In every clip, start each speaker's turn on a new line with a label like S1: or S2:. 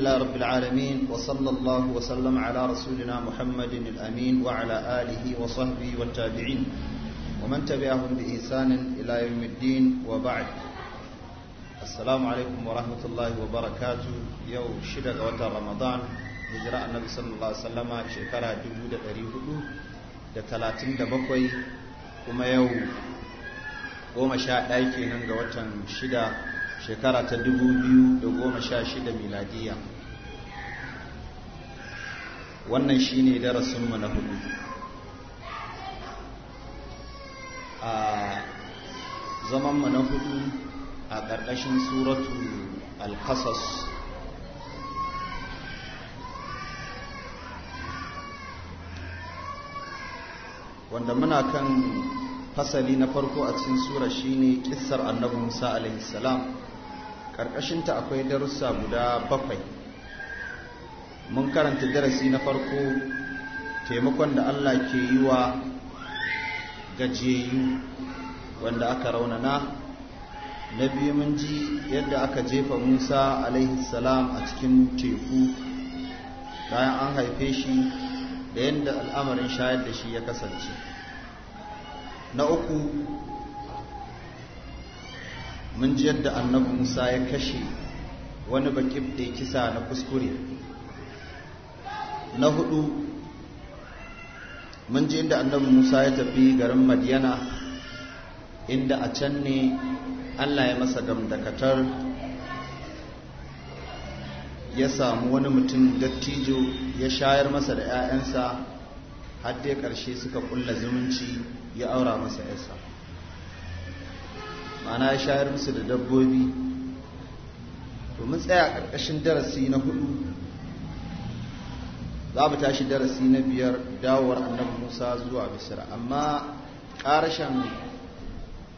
S1: لله رب العالمين وصلى الله وسلم على رسولنا محمد الأمين وعلى آله وصحبه والتابعين ومن تبعهم بإحسان إلى يوم الدين وبعد السلام عليكم ورحمة الله وبركاته يوم شدق وتر رمضان هجرة النبي صلى الله عليه وسلم شكرا دبودة أريهدو da talatin da bakwai kuma yau goma sha ɗaya kenan ga watan shida shekara ta dubu biyu da goma sha shida miladiya wannan shine darasinmu na hudu a zamanmu na hudu a ƙarƙashin suratu alkasas wanda muna kan fasali na farko a cikin sura shine kissar annabi musa alaihi ƙarƙashinta akwai darussa guda bakwai mun karanta darasi na farko taimakon da Allah ke yi wa gajiyayyu wanda aka raunana na biyu mun ji yadda aka jefa musa alaihi salam a cikin teku bayan an haife shi da yadda al'amarin shayar da shi ya kasance na uku mun ji yadda annabi musa ya kashe wani bakif da kisa na kuskure na hudu mun ji inda annabi Musa ya tafi garin Madiyana inda a can ne Allah ya masa damdakatar ya samu wani mutum dattijo ya shayar masa da 'ya'yansa haddai karshe suka kulla zumunci ya aura masa yasa ma'ana ya shayar musu da dabbobi to mun tsaya ƙarƙashin darasi na hudu za mu tashi darasi na biyar dawowar annabi musa zuwa bisira amma ƙarashen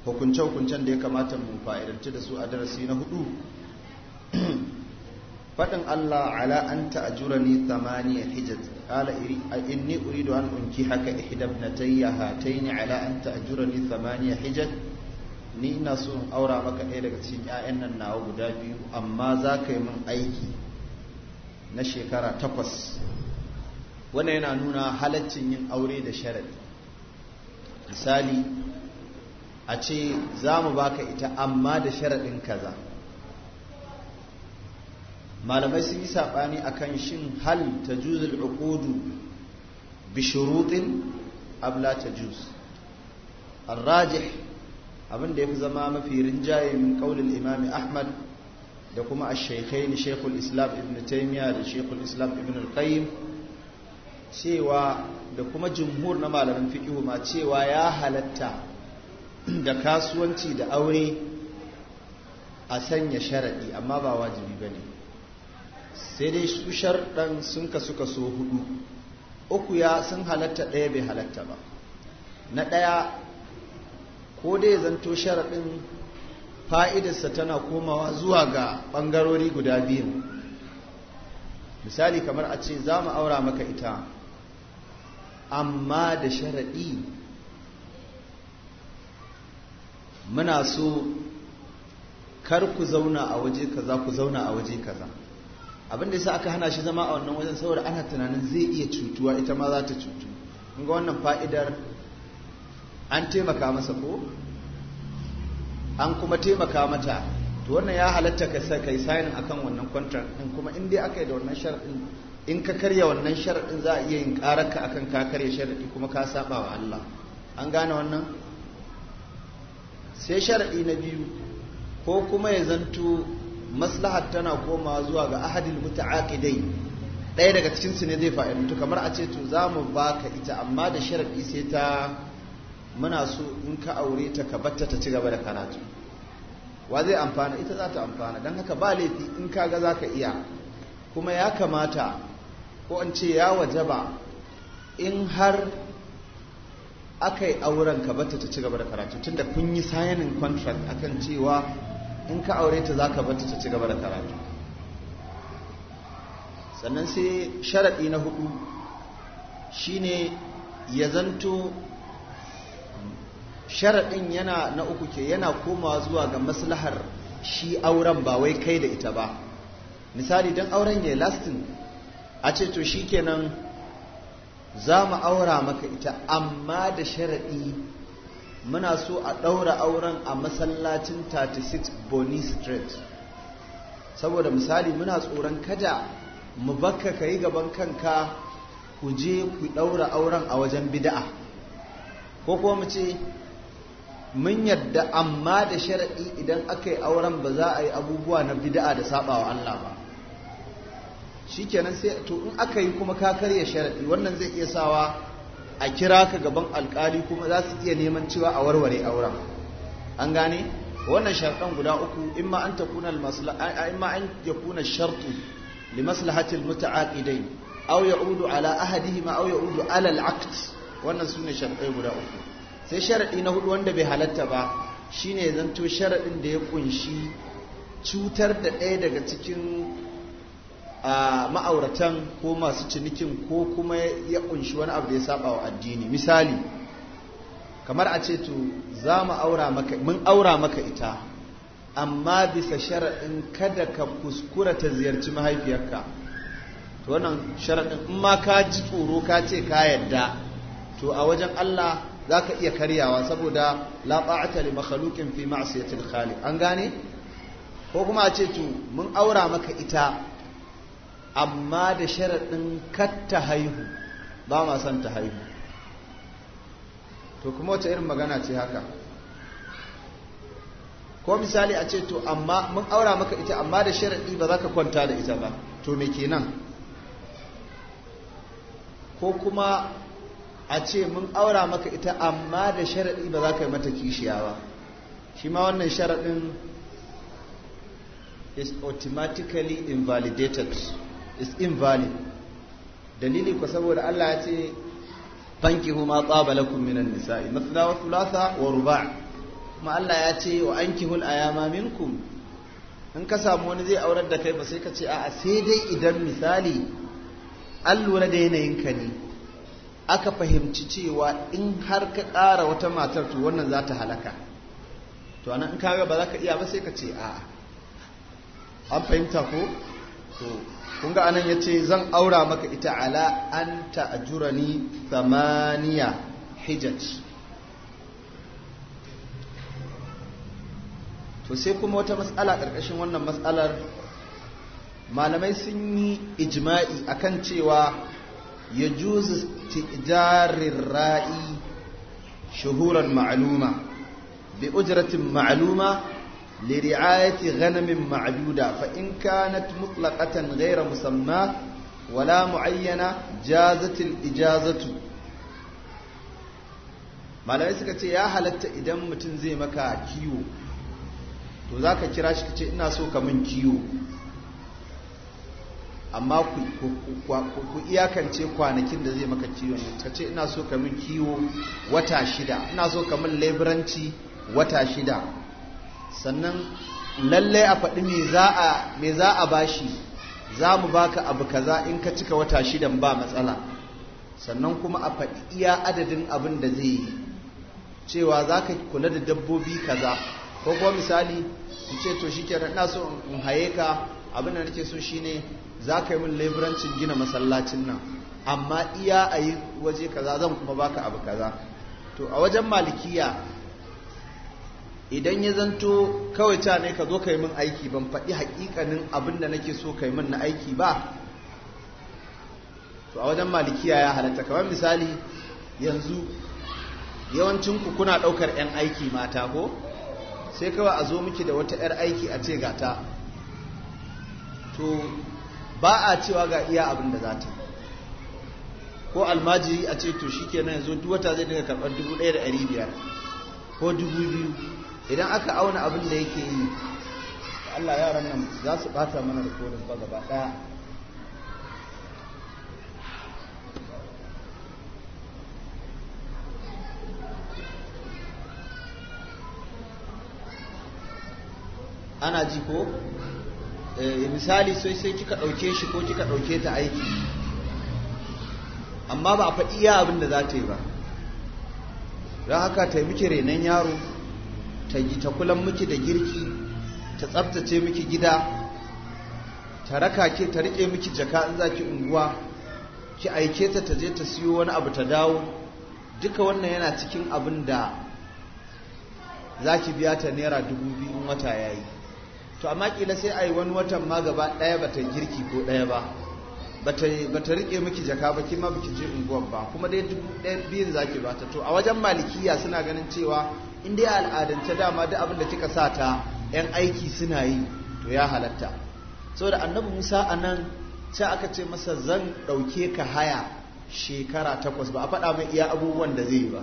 S1: hukunce-hukuncen da ya kamata mu fa'idanci da su a darasi na hudu faɗin allah ala an ta'ajura ni thamaniya hijat ala inni uridu an unki haka na ihdabnatayya hataini ala an ta'ajura ni thamaniya hijat ni ina so in aura maka ɗaya daga cikin 'ya'yan nan nawa guda biyu amma za ka yi min aiki na shekara takwas wannan yana nuna halaccin yin aure da sharadi misali a ce za mu baka ita amma da sharadin kaza malamai sun yi saɓani akan shin hal ta juzul uqudu bi shurutin abla ta juz الراجح abin da ya fi zama mafi rinjaye min kaulin imami ahmad da kuma a shaikhaini shekul islam ibn Taymiya da shekul islam ibn al-qayyim cewa da kuma jumhur na malamin fikihu ma cewa ya halatta da kasuwanci da aure a sanya sharaɗi amma ba wajibi ba ne sai dai su sharɗan sun kasu kaso hudu uku ya sun halatta ɗaya bai halatta ba na ɗaya ko dai zanto sharaɗin fa'idarsa tana komawa zuwa ga ɓangarori guda biyu misali kamar a ce za mu aura maka ita amma da sharaɗi muna so kar ku zauna a waje kaza ku zauna a waje kaza abin da yasa aka hana shi zama a wannan wajen saboda ana tunanin zai iya cutuwa ita ma za ta cutu ga wannan fa'idar an taimaka masa ko an kuma taimaka mata to wannan ya halatta ka sa kai sign akan wannan kwantar, in kuma in dai aka yi da wannan sharaɗin in ka karya wannan sharaɗin za a iya yin ƙararka akan ka karya sharaɗi kuma ka saba wa Allah an gane wannan sai sharaɗi na biyu ko kuma ya zanto maslahar tana komawa zuwa ga ahadin mutu aƙidai ɗaya daga cikin su ne zai mutu kamar a ce to za mu ka ita amma da sharaɗi sai ta muna so in ka aure ta ka batta ta ci gaba da karatu wa zai amfana ita za ta amfana don haka ba laifi in ka ga za ka iya kuma ya kamata ko an ce ya wajaba in har aka yi auren ka bata ta ci gaba da karatu tunda kun yi sayanin contract akan cewa in ka aure ta za ka bata ta ci gaba da karatu sannan sai sharaɗi na hudu shine ya zanto sharaɗin yana na uku ke yana komawa zuwa ga maslahar shi auren ba wai kai da ita ba misali don auren ya lastin a ce to shi kenan za mu aura maka ita amma da sharaɗi muna so a ɗaura auren a masallacin 36 Boni Street saboda misali muna tsoron kada mu bakka ka yi gaban kanka ku je ku ɗaura auren a wajen bida'a ko kuma mu ce mun yarda amma da sharaɗi idan aka yi auren ba za a yi abubuwa na bida'a da saɓawa Allah ba shikenan sai to in aka yi kuma ka karya sharadi wannan zai iya sawa a kira ka gaban alkali kuma za su iya neman cewa a warware auren an gane wannan sharɗan guda uku in ma an takuna almaslaha ma an yakuna shartu limaslahati almutaaqidain aw ya'udu ala ahadihima aw ya'udu ala alaqd wannan sune sharɗai guda uku sai sharaɗi na hudu wanda bai halatta ba shine zanto sharaɗin da ya kunshi cutar da ɗaya daga cikin a ma'auratan ko masu cinikin ko kuma ya kunshi wani abu da ya saba wa addini misali kamar a ce to za mu aura maka mun aura maka ita amma bisa sharaɗin kada ka kuskura ta ziyarci mahaifiyarka to wannan sharaɗin in ma ka ji tsoro ka ce ka yadda to a wajen Allah za ka iya karyawa saboda la ta'ata li makhluqin fi ma'siyatil khaliq an gane ko kuma a ce to mun aura maka ita amma da sharaɗin katta ta haihu ba ma son ta haihu to kuma wace irin magana ce haka ko misali a ce to amma mun aura maka ita amma da sharaɗi ba za ka kwanta da ita ba to me kenan ko kuma a ce mun aura maka ita amma da sharaɗi ba za ka yi mata kishiya ba shi ma wannan sharaɗin is automatically invalidated is invalid dalili ko saboda Allah ya ce fankihu ma tsaba minan nisa'i mathna wa thulatha wa ruba' kuma Allah ya ce wa ankihul ayama minkum in ka samu wani zai aurar da kai ba sai ka ce a'a sai dai idan misali an lura da yanayin ka ne aka fahimci cewa in har ka ƙara wata matar to wannan za ta halaka to anan in ga ba za ka iya ba sai ka ce a'a an fahimta ko to kun ga anan yace zan aura maka ita ala an ni thamaniya hijaj to sai kuma wata matsala karkashin wannan matsalar malamai sun yi ijma'i akan cewa ya juzu tijarin ra'i shuhuran ma'aluma bi ujratin ma'aluma لرعاية غنم معدودة فإن كانت مطلقة غير مسماة ولا معينة جازت الإجازة malamai suka ce ya halatta idan mutum zai maka kiwo to za ka kira shi ka ce ina so ka min kiwo amma ku iyakance kwanakin da zai maka kiwo ka ce ina so ka min kiwo wata shida ina so ka min leburanci wata shida sannan lallai a faɗi me za a bashi za mu baka abu kaza in ka cika wata shidan ba matsala sannan kuma a faɗi iya adadin abin da zai yi cewa za ka kula da dabbobi kaza ko kuma misali in ce to shi kenan ina so in haye ka abin da nake so shine za ka yi min leburancin gina masallacin nan amma iya a yi waje kaza zan kuma baka abu kaza to a wajen malikiya idan ya zanto kawai ta ne ka zo ka yi min aiki ban faɗi haƙiƙanin abin da nake so ka yi min na aiki ba to a wajen malikiya ya halatta kamar misali yanzu yawancin ku kuna ɗaukar 'yan aiki mata ko sai kawai a zo miki da wata 'yar aiki a ce gata to ba a cewa ga iya abin da za ta ko almajiri a ce to shi kenan yanzu duk wata zai daga karɓar 1,500 ko biyu? idan aka auna abin da yake yi Allah yaran nan za su bata mana rikodin ba gaba daya ana ji ko eh, misali sai sai kika ɗauke shi ko kika ɗauke ta aiki amma ba a faɗi iya abin da za ta yi ba don haka taimaki renon yaro ta yi ta kulan miki da girki ta tsaftace miki gida ta raka ke ta rike miki jaka in za ki unguwa ki aike ta ta je ta siyo wani abu ta dawo duka wannan yana cikin abin da za ki biya ta naira dubu biyu in wata ya yi to amma kila sai a wani watan ma gaba ɗaya ba ta girki ko ɗaya ba ba ta rike miki jaka ba kima ba ki je unguwan ba kuma dai biyun za ki bata to a wajen malikiya suna ganin cewa in dai al'adance dama duk abin da kika sa ta yan aiki suna yi to ya halatta saboda annabi Musa a nan sai aka ce masa zan ɗauke ka haya shekara takwas ba a faɗa mai iya abubuwan da zai yi ba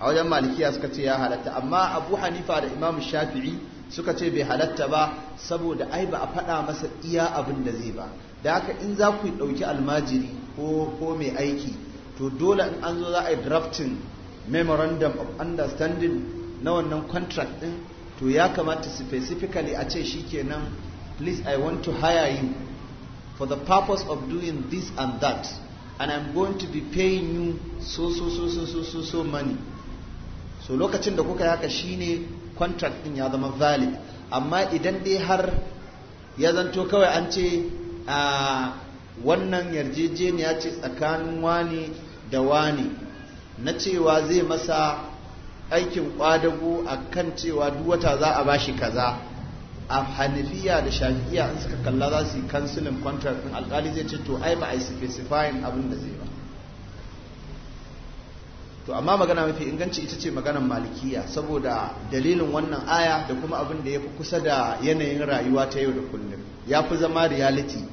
S1: a wajen malikiya suka ce ya halatta amma abu hanifa da imam shafi'i suka ce bai halatta ba saboda ai ba a faɗa masa iya abin da zai ba da haka in za ku ɗauki almajiri ko mai aiki to dole in an zo za a yi drafting memorandum of understanding na wannan contract din to ya kamata specifically a ce shikenan please i want to hire you for the purpose of doing this and that and i'm going to be paying you so so so so so so so money so lokacin da kuka yi haka shine contract din ya zama valid amma idan dai har ya zanto kawai an ce a ah, wannan yarjejeniya ce tsakanin wani da wani na cewa zai masa aikin kwadago a kan cewa duk wata za a bashi kaza a hanifiya da shafi'iya in suka kalla za su yi kansulin contract alkali zai ce to ai ba a yi specifying abin da zai ba to amma magana mafi inganci ita ce maganan malikiya saboda dalilin wannan aya da kuma abin da ya fi kusa da yanayin rayuwa ta yau da kullum ya fi zama reality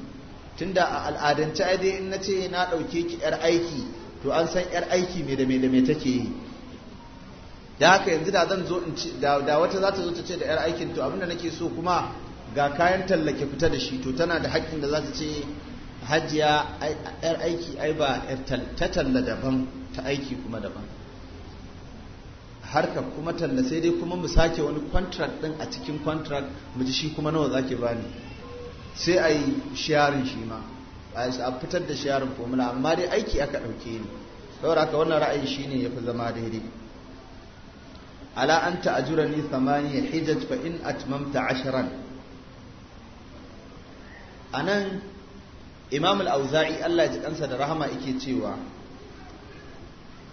S1: tunda a al'adance dai in na ce na ɗauke ki 'yar aiki to an san yar aiki me da me da me take yi da haka yanzu da zan zo in ci da wata za ta zo ta ce da yar aikin to abinda nake so kuma ga kayan tallake fita da shi to tana da haƙƙin da za ta ce hajiya yar aiki ai ba ta talla daban ta aiki kuma daban harka kuma talla sai dai kuma mu sake wani contract din a cikin contract mu ji shi kuma nawa zake bani sai a yi sharing shi ma a fitar da shi yaron amma dai aiki aka ɗauke ni saboda haka wannan ra'ayi ya fi zama daidai ala an ta'jurani ya hijaj fa in atmamta A anan imam al-auza'i Allah ya ji kansa da rahama yake cewa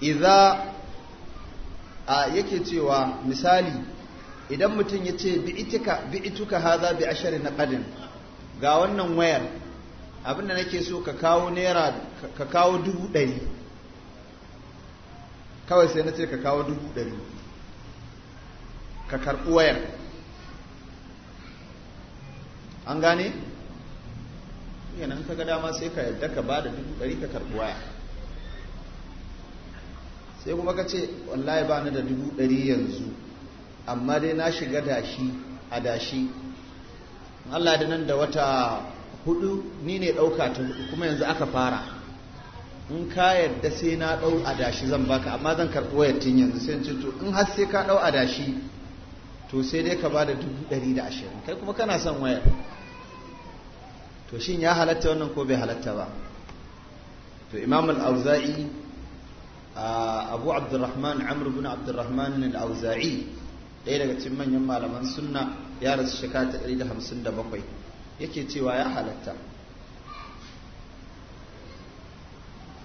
S1: idza a yake cewa misali idan mutum ya ce bi ituka bi bi ga wannan wayar abinda nake so ka kawo naira ka kawo dubu ɗari kawai sai na ce ka kawo dubu ɗari ka karɓi wayar an gane yanan ka ga dama sai ka yadda ka ba da dubu ɗari ka karɓi waya sai kuma ka ce wallahi ba ni da dubu ɗari yanzu amma dai na shiga dashi a dashi Allah da nan da wata hudu ni ne ɗauka ta hudu kuma yanzu aka fara in ka yarda sai na ɗau adashi zan baka amma zan karɓi wayar tun yanzu sai ce to in har sai ka ɗau adashi to sai dai ka bada dubu ɗari da ashirin kai kuma kana son wayar to shin ya halatta wannan ko bai halatta ba to imam al-auza'i abu abdurrahman amr ibn abdurrahman al-auza'i ɗaya daga cikin manyan malaman sunna ya rasu shekara ta 157 yake cewa ya halatta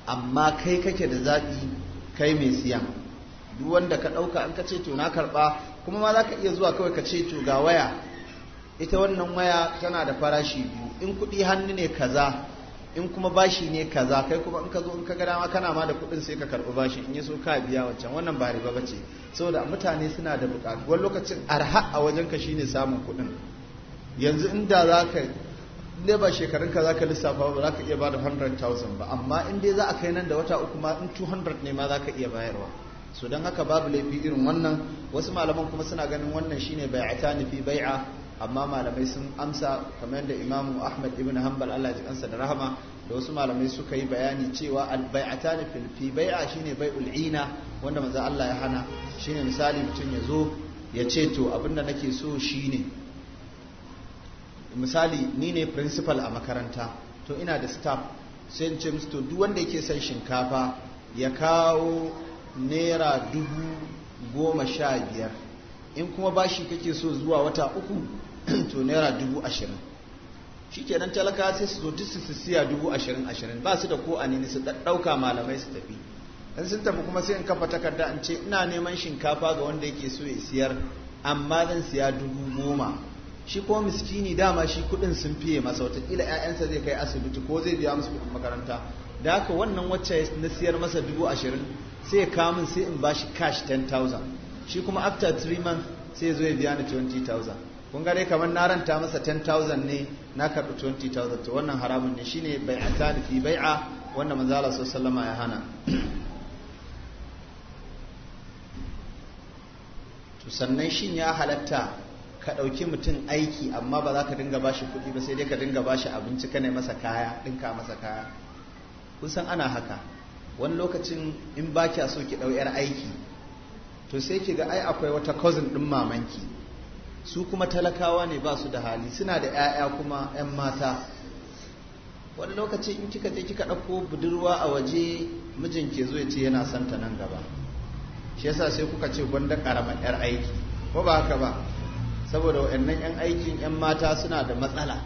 S1: amma kai kake da zaɓi kai mai siya, duk wanda ka ɗauka an ka ce to na karɓa kuma ma za ka iya zuwa kawai ka ce to ga waya ita wannan waya tana da farashi biyu in kuɗi hannu ne kaza in kuma bashi ne kaza kai kuma in ka zo in ka gada ma kana ma da kuɗin sai ka karɓi bashi in ya so ka biya wancan wannan ba riba bace saboda mutane suna da buƙatu wani lokacin arha a wajen ka shine samun kuɗin yanzu inda za ka ne ba shekarunka ka za ka lissafa ba za ka iya bada 100,000 ba amma in dai za a kai nan da wata uku ma in 200 ne ma za ka iya bayarwa so don haka babu laifi irin wannan wasu malaman kuma suna ganin wannan shine ta nufi bai a amma malamai sun amsa kamar yadda imamu ahmad ibn hanbal allah ji kansa da rahama da wasu malamai suka yi bayani cewa bai a ta nufi fi bai a shine bai ul’ina wanda manzo allah ya hana shine misali mutum ya zo ya ce to abinda nake so shine misali ni ne principal a makaranta to ina da staff sai to duk wanda yake son shinkafa ya kawo naira dubu goma sha biyar in kuma bashi kake so zuwa wata uku to naira dubu ashirin shi kenan talaka sai su zo duk su siya dubu ashirin ashirin ba su da ko anini su ɗauka malamai su tafi in sun tafi kuma sai in kafa takarda in ce ina neman shinkafa ga wanda yake so ya siyar amma zan siya dubu goma shi kuma miskini dama shi kuɗin sun fiye masa watakila 'ya'yansa zai kai asibiti ko zai biya musu kuɗin makaranta da haka wannan wacce na siyar masa dubu ashirin sai ya kamun sai in ba bashi cash 10,000 shi kuma after 3 months sai zo ya biya ni 20,000 kun dai kamar na ranta masa 10,000 ne na karɓi 20,000 to wannan haramun ne shine bai a talifi bai a wanda manzala sallama ya hana to sannan shin ya halatta ka ɗauki mutum aiki amma ba za ka dinga ba shi kuɗi ba sai dai ka dinga ba shi abinci ka ne masa kaya ɗinka masa kaya kun san ana haka wani lokacin in ba kya so ki ɗau yar aiki to sai ki ga ai akwai wata cousin ɗin mamanki su kuma talakawa ne ba su da hali suna da 'ya'ya kuma 'yan mata wani lokacin in kika je kika ɗauko budurwa a waje mijin ke zo ya ce yana santa nan gaba shi yasa sai kuka ce gwanda ƙaramar 'yar aiki ko ba haka ba saboda waɗannan 'yan aikin 'yan mata suna da matsala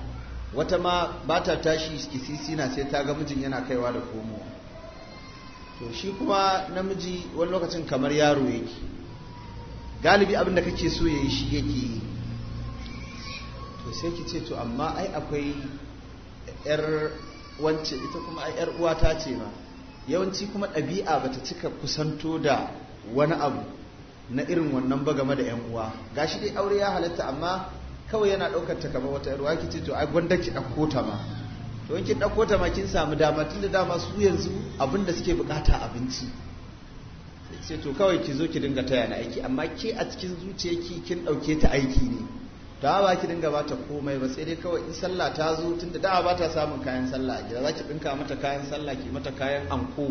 S1: wata ma ba ta tashi na sai ta ga mijin yana kaiwa da komowa to shi kuma namiji wani lokacin kamar yaro yake galibi abin da kake so ya yi shi yake yi to sai ki ce to amma ai akwai 'yar wance ita kuma ai 'yar uwata ce ma yawanci kuma ɗabi'a bata cika kusanto da wani abu na irin wannan ba game da 'yan uwa gashi dai aure ya halatta amma kawai yana ɗaukar ta kamar wata ruwa ki ce to ai gwanda ki ɗauko ta ma to in ɗauko ta ma kin samu dama tunda dama su yanzu abin da suke bukata abinci sai to kawai ki zo ki dinga taya na aiki amma ke a cikin zuciyarki kin ɗauke ta aiki ne da ba ki dinga bata komai ba sai dai kawai in sallah ta zo tunda da ba ta samun kayan sallah a gida za ki ɗinka mata kayan sallah ki mata kayan anko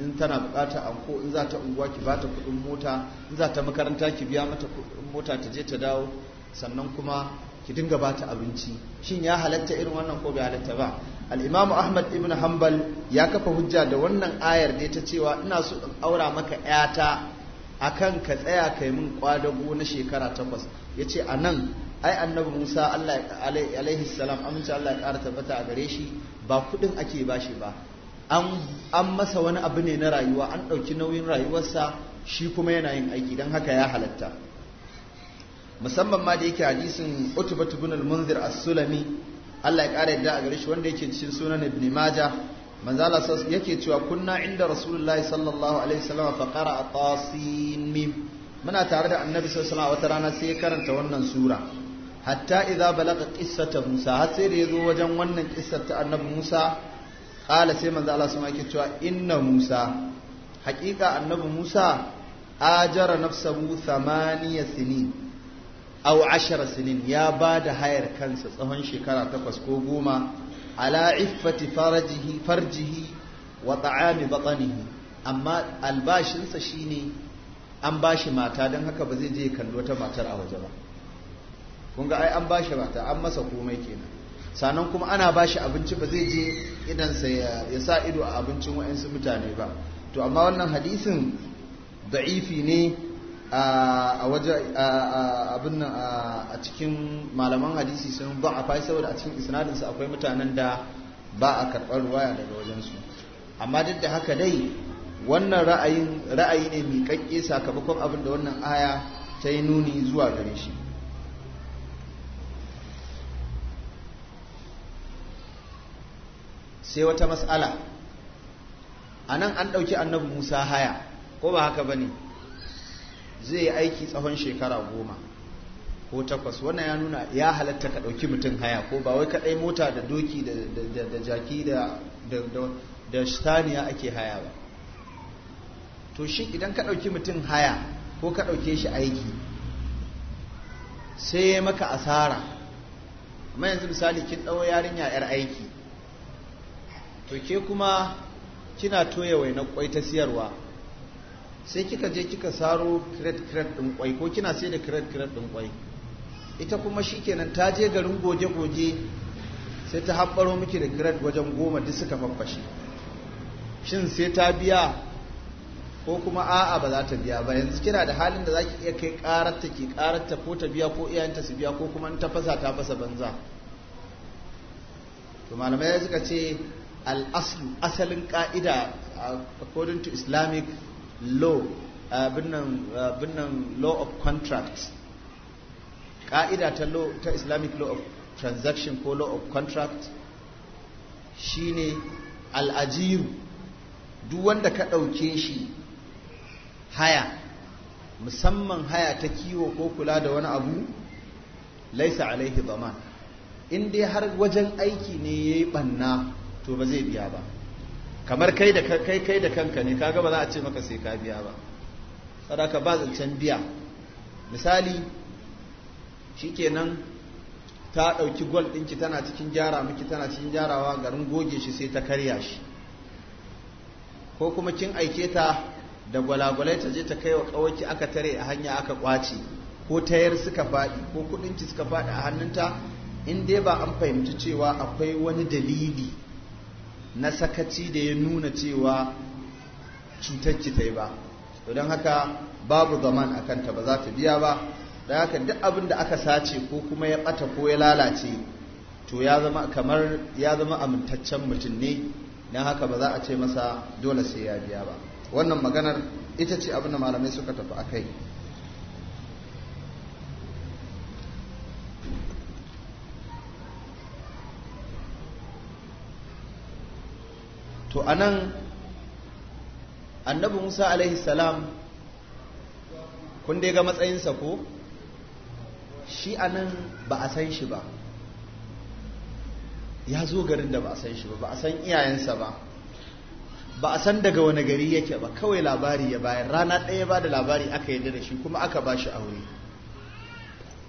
S1: in tana bukata anko in za ta unguwa ki bata kudin mota in za ta makaranta ki biya mata kudin mota ta je ta dawo sannan kuma ki dinga bata abinci shin ya halatta irin wannan ko bai halatta ba al-imamu ahmad ibn hanbal ya kafa hujja da wannan ayar da ta cewa ina so in aura maka yata akan ka tsaya kai min kwadago na shekara takwas yace anan ai annabi musa Allah alaihi salam amince Allah ya kara tabbata a gare shi ba kudin ake bashi ba an masa wani abu ne na rayuwa an ɗauki nauyin rayuwarsa shi kuma yana yin aiki don haka ya halatta musamman ma da yake hadisin utubatu bin al-munzir as-sulami Allah ya ƙara yadda a gare shi wanda yake cikin sunan ibn majah manzo Allah yake cewa kunna inda rasulullahi sallallahu alaihi wasallam fa qara'a tasin mim muna tare da annabi sallallahu alaihi wasallam wata rana sai ya karanta wannan sura hatta idza balaga qissata musa har sai da ya zo wajen wannan qissar ta annabi musa kala sai manzo Allah sun yake cewa inna Musa haƙiƙa annabi Musa ajara nafsahu thamaniya sinin aw ashara sinin ya bada hayar kansa tsawon shekara takwas ko goma ala iffati farajihi farjihi wa ta'ami batanihi amma albashinsa shine an bashi mata don haka ba zai je kallo ta matar a waje ba kun ga ai an bashi mata an masa komai kenan sannan kuma ana ba shi abinci ba zai je idansa ya sa ido a abincin wa'yansu mutane ba to amma wannan hadisin da'ifi ne a cikin malaman hadisi sun ba a fai saboda a cikin isnadinsa akwai mutanen da ba a karɓar ruwaya daga wajensu amma duk da haka dai wannan ra'ayi ne mai kakke sakamakon abin da wannan aya ta yi nuni zuwa gare shi sai wata matsala a nan an ɗauki annabi musa haya ko ba haka ba ne zai yi aiki tsawon shekara goma ko takwas wannan ya nuna ya halatta ka ɗauki mutum haya ko ba wai kaɗai mota da doki da jaki da staniya ake haya ba to shi idan ka ɗauki mutum haya ko ka ɗauke shi aiki sai ya maka asara amma yanzu misali kin ɗau yarinya 'yar aiki to ke kuma kina toya wainar kwai ta siyarwa sai kika je kika saro kiret kiret din kwai ko kina sai da kiret kiret din kwai ita kuma shikenan ta je garin goje goje sai ta haɓɓaro miki da kiret wajen goma duk suka faffashe shin sai ta biya ko kuma a'a ba za ta biya ba yanzu kina da halin da zaki iya kai ƙararta ki ƙararta ko ta biya ko iyayenta su biya ko kuma in ta fasa ta fasa banza to malamai suka ce al'aslu asalin ka'ida uh, according to islamic law uh, binnan uh, law of contract ka'ida ta islamic law of transaction ko law of contract shine al'ajiru duk wanda ka ɗauke shi haya musamman haya ta kiwo ko kula da wani abu laisa alaihi zaman in dai har wajen aiki ne ya yi ɓanna to ba zai biya ba kamar kai da kai kai da kanka ne kaga ba za a ce maka sai ka biya ba sadaka ba zancen biya misali shikenan ta ɗauki gol ɗinki tana cikin gyara miki tana cikin gyarawa garin goge shi sai ta karya shi ko kuma kin aike ta da gwalagwalai ta je ta kai wa kawaki aka tare a hanya aka kwace ko tayar suka faɗi ko kuɗinki suka faɗi a hannunta in dai ba an fahimci cewa akwai wani dalili na sakaci da ya nuna cewa cutar ki ta yi ba don haka babu zaman a kanta ba za ta biya ba da haka duk abin da aka sace ko kuma ya bata ko ya lalace to ya zama kamar ya zama amintaccen mutum ne don haka ba za a ce masa dole sai ya biya ba wannan maganar ita ce abin da malamai suka tafi a kai to anan annabi musa alaihi salam kun dai ga matsayinsa ko shi anan ba a san shi ba ya zo garin da ba a san shi ba ba a san iyayensa ba ba a san daga wani gari yake ba kawai labari ya bayan rana ɗaya ba da labari aka yarda da shi kuma aka ba shi aure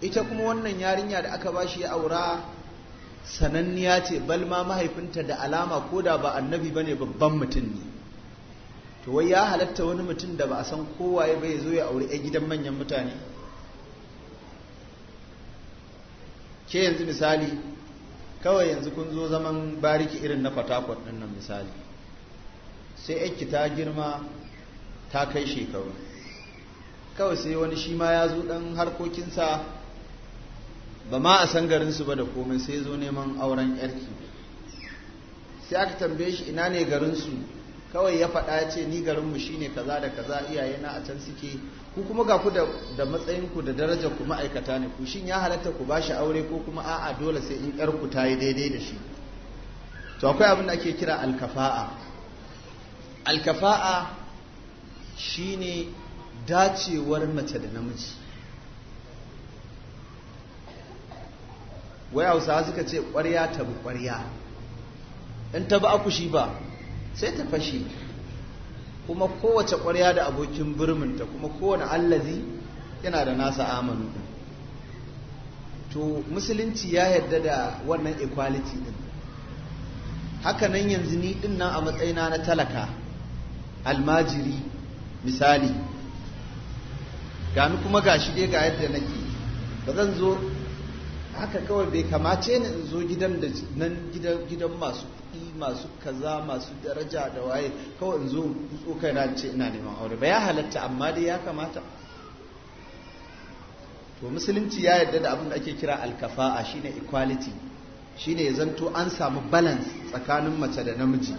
S1: ita kuma wannan yarinya da aka ba shi ya aura sananniya ce bal ma mahaifinta da alama ko da ba annabi bane babban mutum ne to wai ya halatta wani mutum da ba a san kowaye bai zo ya aure a gidan manyan mutane ke yanzu misali kawai yanzu kun zo zaman bariki irin na fatakwat ɗin nan misali sai yanki ta girma ta kai shekaru kawai sai wani shi ma ya zo ɗan harkokinsa ba ma a san garinsu ba da komai sai zo neman auren yarki sai aka tambaye shi ina ne garinsu kawai ya faɗa ce ni garinmu shine kaza da kaza iyaye na a can suke ku kuma ga ku da matsayinku da daraja ku ma'aikata ne ku shin ya halatta ku bashi aure ko kuma a'a dole sai in yarku ta yi daidai da shi to akwai abin da ake kira alkafa'a alkafa'a shine dacewar mace da namiji wai hausa suka ce kwarya ta bi kwarya in ta bi akushi ba sai ta fashe kuma kowace kwarya da abokin birminta kuma kowane allazi yana da nasa amanu to musulunci ya yarda da wannan equality din haka nan yanzu ni din nan a matsayina na talaka almajiri misali gani kuma gashi dai ga yadda nake ba zan zo haka kawai bai kamace ni in zo gidan da nan gidan masu kuɗi masu kaza masu daraja da waye kawai in zo kutso na ce ina neman aure ba ya halatta amma dai ya kamata to musulunci ya yarda da abin da ake kira alkafa'a shine equality shine ya zanto an samu balance tsakanin mace da namiji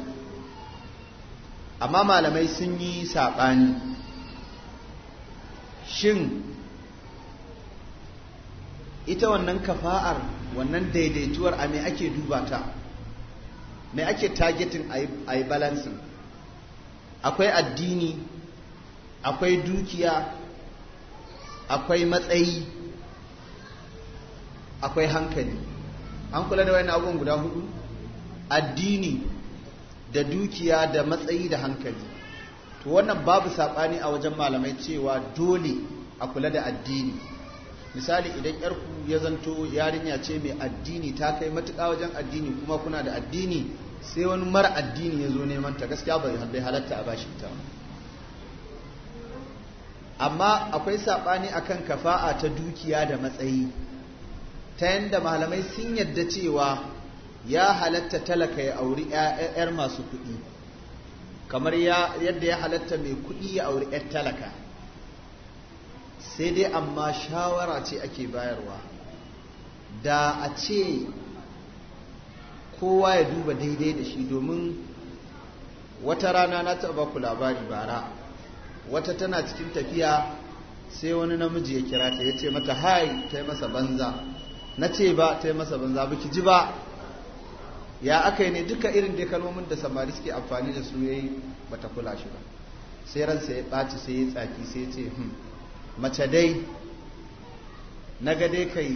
S1: amma malamai sun yi saɓani shin ita wannan kafa'ar wannan daidaituwar a me ake duba ta me ake targeting a yi balancing akwai addini akwai dukiya akwai matsayi akwai hankali an kula da wani abubuwan guda hudu addini da dukiya da matsayi da hankali to wannan babu saɓani a wajen malamai cewa dole a kula da addini misali idan yarku ya zanto yarinya ce mai addini ta kai matuƙa wajen addini kuma kuna da addini sai wani mara addini ya zo neman ta gaskiya bai halatta a bashi ta. amma akwai saɓani a akan kafa'a ta dukiya da matsayi ta yadda malamai sun yadda cewa ya halatta talaka ya auri 'yar masu kuɗi kamar yadda ya halatta mai kuɗi ya auri 'yar talaka sai dai amma shawara ce ake bayarwa da a ce kowa ya duba daidai da shi domin wata rana na taɓa ku labari bara wata tana cikin tafiya sai wani namiji ya kira ta ya ce mata hai ta yi masa banza na ce ba ta yi masa banza biki ji ba ya aka yi ne duka irin dai kalmomin da samari suke amfani da su ya yi bata kula shi ba sai ransa ya ɓaci sai ya tsaki sai ya ce hmm mace dai na ga dai kai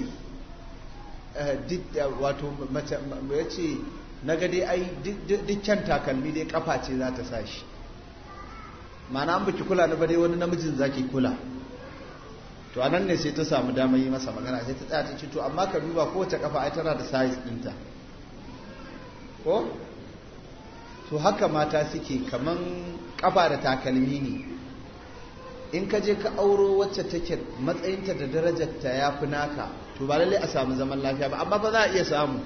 S1: eh, wato mace ya ce na ga dai ai dukkan takalmi dai kafa ce za ta sa shi ma'ana an baki kula na ba dai wani namijin za ki kula to a nan ne sai ta samu damar yi masa magana sai ta tsaya ta ce to amma ka duba kowace kafa ai tana da sayis dinta, ko to haka mata suke kaman kafa da takalmi ne in ka je ka auro wacce take matsayinta da darajarta ya fi naka to ba lallai a samu zaman lafiya ba amma ba za a iya samu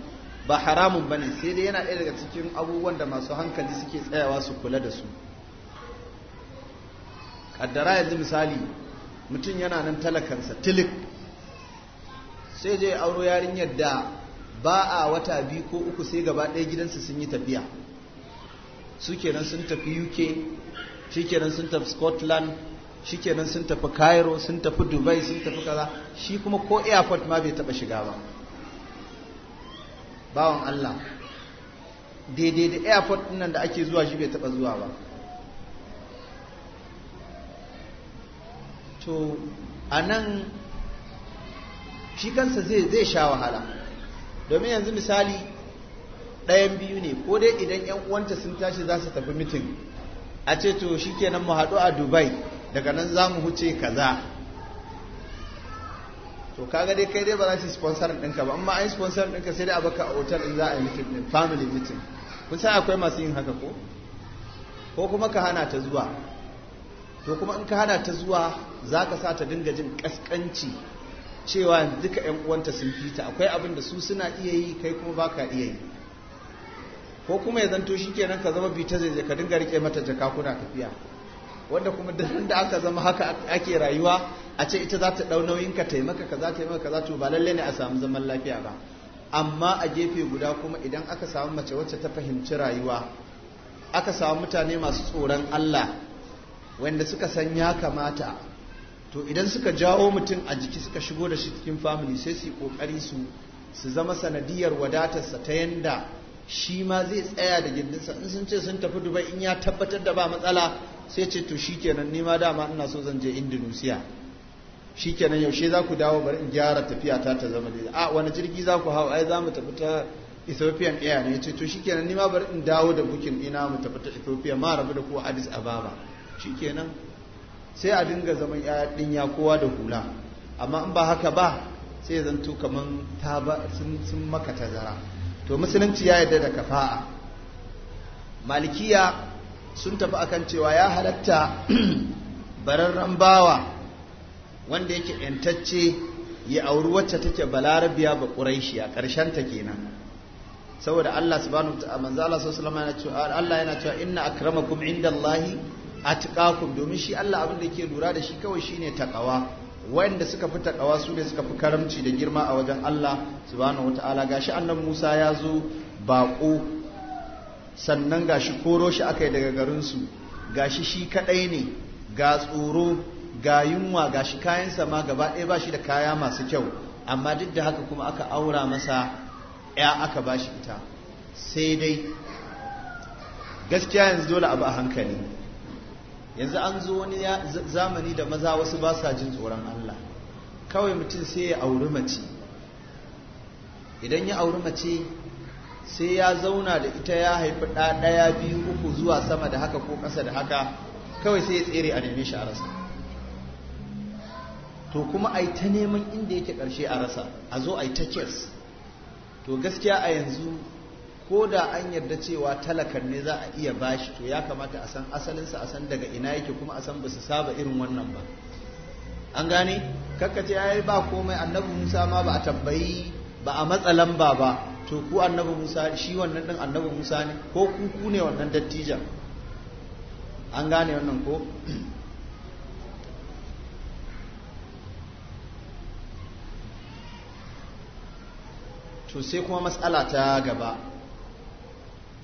S1: ba haramun ba ne sai dai yana ɗaya daga cikin abubuwan da masu hankali suke tsayawa su kula da su kaddara yanzu misali mutum yana nan talakansa tilik sai je auro yarin yadda ba a wata biyu ko uku sai gaba ɗaya gidansu sun yi tafiya su kenan sun tafi uk shi kenan sun tafi scotland shikenan sun tafi Cairo sun tafi Dubai sun tafi kaza shi kuma ko airport ma bai taba shiga ba bawan Allah daidai da airport nan da ake zuwa shi bai taba zuwa ba to a nan shi kansa zai sha wahala domin yanzu misali ɗayan biyu ne ko dai idan 'yan uwanta sun tashi za su tafi mitin a ce to shikenan mu haɗu a dubai daga nan za mu huce kaza to kaga dai kai dai ba za su sponsor ɗinka ba amma an sponsor ɗinka sai dai a baka a hotel in za a yi meeting din family meeting kun san akwai masu yin haka ko ko kuma ka hana ta zuwa to kuma in ka hana ta zuwa za ka sa ta dinga jin kaskanci cewa duka 'yan uwanta sun fita akwai abin da su suna iya yi kai kuma baka iya yi ko kuma ya zanto shi kenan ka zama bita zai ka dinga rike mata jaka kuna tafiya wanda kuma duk da aka zama haka ake rayuwa a ce ita za ta ɗau nauyin ka taimaka ka za taimaka ka za to ba lallai ne a samu zaman lafiya ba amma a gefe guda kuma idan aka samu mace wacce ta fahimci rayuwa aka samu mutane masu tsoron Allah wanda suka san ya kamata to idan suka jawo mutum a jiki suka shigo da shi cikin family sai su yi kokari su su zama sanadiyar wadatarsa ta yanda shi ma zai tsaya da gindinsa in sun ce sun tafi dubai in ya tabbatar da ba matsala sai ce to shikenan nima dama ina so zan je Indonesia shikenan yaushe za ku dawo bari in gyara tafiya ta ta zama daidai a wani jirgi za ku hau ai za mu tafi ta Ethiopian Air ne ce to shikenan nima ma bari in dawo da bukin ina mu tafi ta Ethiopia ma rabu da ku Addis Ababa shikenan sai a dinga zaman ya dinya kowa da hula amma in ba haka ba sai zanto kaman ta ba sun maka tazara to musulunci ya yarda da kafa'a malikiya sun tafi akan cewa ya halatta bararren bawa wanda yake ‘yantacce ya auri wacce take balarabiya ba ƙuraishiya ta kenan saboda Allah subhanahu wa manzo Allah sallallahu alaihi wasallam Allah yana cewa inna akramakum indallahi atqakum domin shi Allah abin da yake lura da shi kawai shine takawa wanda suka fi takawa su ne suka fi karamci da girma a wajen Allah subhanahu wataala gashi annabi Musa ya zo baƙo sannan gashi koro shi aka yi daga garinsu ga shi shi kaɗai ne ga tsoro ga yunwa ga shi kayansa ma gaba ɗaya ba shi da kaya masu kyau amma duk da haka kuma aka aura masa ya aka ba shi ita sai dai gaskiya yanzu dole abu a hankali yanzu an zo wani zamani da maza wasu ba sa jin tsoron Allah kawai mutum sai ya auri mace idan ya auri mace sai ya zauna da ita ya haifi ɗa ɗaya biyu uku zuwa sama da haka ko ƙasa da haka kawai sai ya tsere a neme shi a rasa to kuma a yi ta neman inda yake ƙarshe a rasa a zo a yi ta kes to gaskiya a yanzu ko da an yarda cewa talakan ne za a iya bashi to ya kamata a san asalinsa a san daga ina yake kuma a san ba su saba irin wannan ba an gane kakkace ya yi ba komai annabi musa ma ba a tambayi ba a matsa lamba ba to ku annabi Musa shi wannan din annabi Musa ne ko ku ku ne wannan dattijan an gane wannan ko to sai kuma matsala ta gaba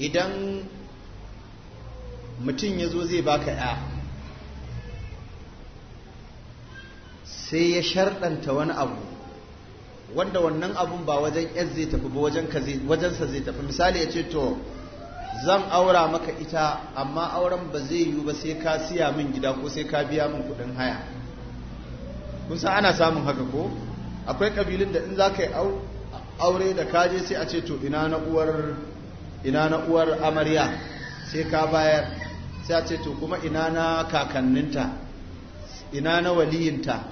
S1: idan mutum ya zo zai baka ya sai ya sharɗanta wani abu wanda wannan abun ba wajen yan zai tafi ba wajen sa zai tafi misali ya ce to zan aura maka ita amma auren ba zai yiwu ba sai ka siya min gida ko sai ka biya min kuɗin haya kun san ana samun haka ko akwai kabilun da in za ka yi aure da kaje sai a ce to ina na uwar ina na uwar amarya sai ka bayar sai a ce to kuma ina na kakanninta ina na waliyinta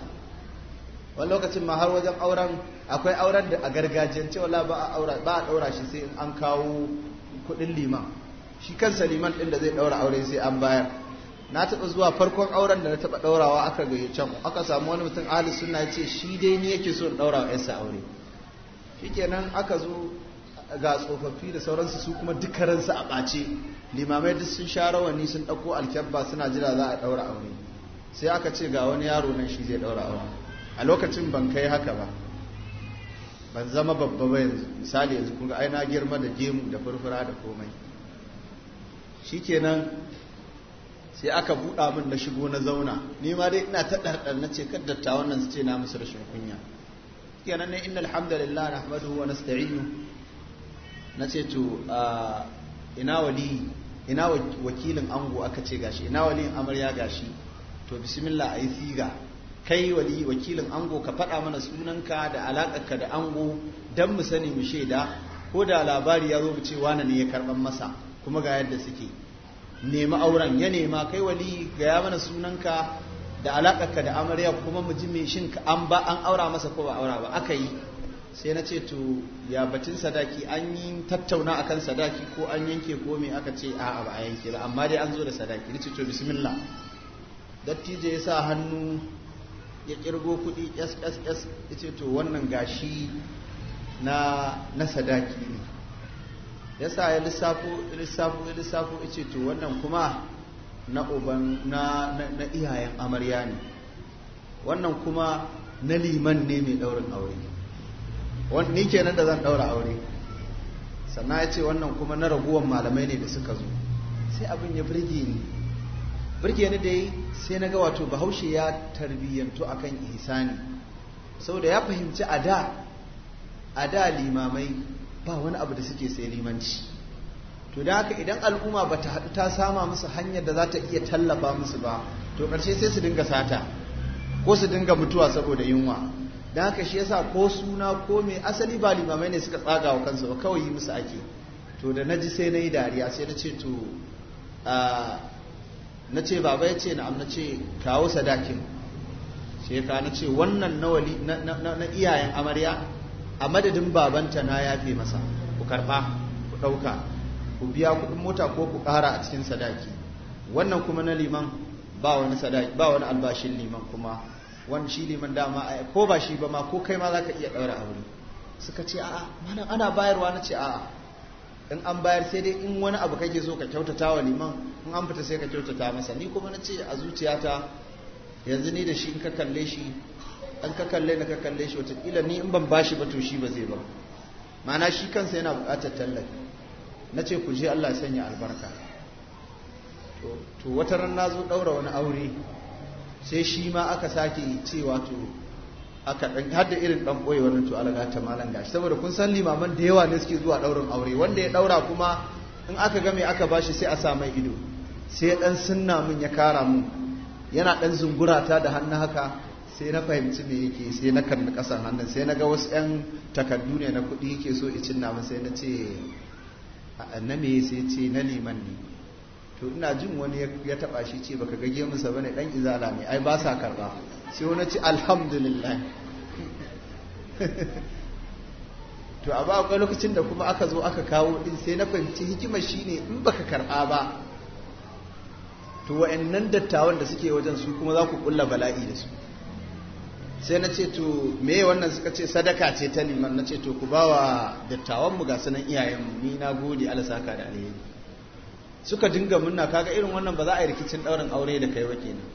S1: wani lokacin ma har wajen auren akwai auren da a gargajiyar cewa ba a ɗaura shi sai an kawo kudin liman shi kansa liman ɗin da zai ɗaura aure sai an bayar na taɓa zuwa farkon auren da na taɓa ɗaurawa aka gayyace aka samu wani mutum ahli sunna ya ce shi dai ni yake so in ɗaura wa aure shikenan aka zo ga tsofaffi da sauransu su kuma dukkaninsu a ɓace limamai duk sun sha rawani sun ɗauko alkyabba suna jira za a ɗaura aure sai aka ce ga wani yaro nan shi zai ɗaura aure a lokacin ban kai haka ba ban zama babba ba yanzu misali yanzu kun ga ai na girma da gemu da furfura da komai shikenan sai aka buɗa min na shigo na zauna ni ma dai ina ta ɗarɗar na ce kar dattawan nan su ce na musu rashin kunya kenan ne innal hamdalillah nahmaduhu wa nasta'inu na ce to ina wali ina wakilin ango aka ce gashi ina wali amarya gashi to bismillah ayi siga kai wali wakilin ango ka faɗa mana sunanka da alaƙarka da ango don mu sani mu shaida ko da labari ya zo mu ce wane ne ya karɓan masa kuma ga yadda suke nemi auren ya nema kai wali gaya mana sunanka da alaƙarka da amarya kuma mu ji mai shinka an ba an aura masa ko ba aura ba aka yi sai na ce to ya batun sadaki an yi tattauna akan sadaki ko an yanke ko me aka ce a'a ba a yanke ba amma dai an zo da sadaki ni ce to bismillah dattijo ya sa hannu ya kirgo kuɗi sss ya ce to wannan gashi na na sadaki ne ya sa ya lissafo ya lissafo ya lissafo ya ce to wannan kuma na uban na na iyayen amarya ne wannan kuma na liman ne mai ɗaurin aure ni kenan da zan ɗaura aure sannan ya ce wannan kuma na raguwan malamai ne da suka zo sai abin ya birge ni birke ni da sai na ga wato bahaushe ya tarbiyyantu akan ihsani da ya fahimci a da a da limamai ba wani abu da suke sai limanci to da haka idan al'umma ba ta haɗu ta sama musu hanyar da za ta iya tallafa musu ba to ƙarshe sai su dinga sata ko su dinga mutuwa saboda yunwa da haka shi yasa ko suna ko mai asali ba limamai ne suka tsaga wa kansu ba kawai yi musu ake to da na ji sai na yi dariya sai na ce to ah, na ce baba ya ce na'am na ce kawo sadakin sai ka na ce wannan na iyayen amarya a madadin babanta na yafe masa ku karɓa ku ɗauka ku biya kuɗin mota ko ku ƙara a cikin sadaki wannan kuma na liman ba wani albashin liman kuma wani shi liman dama ko ba shi ba ma ko kai ma za ka iya ɗaura aure suka ce a'a ana bayarwa na ce a'a in an bayar sai dai in wani abu kake so ka kyautata wa liman in an fita sai ka kyautata masa ni kuma na ce a zuciyata yanzu ni da shi in ka kalle shi an ka kalle na ka kalle shi kila ni in ban bashi ba to shi ba zai ba ma'ana shi kansa yana buƙatar tallafi na ce ku je Allah ya sanya albarka to wata ran na zo ɗaura wani aure sai shi ma aka sake cewa to aka dan hadda irin dan boye wannan to alaga ta malam gashi saboda kun san limaman da yawa ne suke zuwa ɗaurin aure wanda ya ɗaura kuma in aka ga mai aka bashi sai a sa mai ido sai dan sunna mun ya kara mun yana dan ta da hannu haka sai na fahimci me yake sai na kalli kasan hannun sai na ga wasu yan takardu ne na kuɗi yake so icin min, sai na ce na me sai ce na liman ne to ina jin wani ya taba shi ce baka gage musa bane dan izala ne ai ba sa karba sai wani ce alhamdulillah to a ba akwai lokacin da kuma aka zo aka kawo din sai na fahimci hikima shine in baka karba ba to wa'annan dattawan da suke wajen su kuma za ku kulla bala'i da su sai na ce to me wannan suka ce sadaka ce ta liman na ce to ku ba wa dattawan mu ga sanan iyayen mu ni na gode Allah saka da alheri suka dinga munna kaga irin wannan ba za a yi rikicin daurin aure da kai ba kenan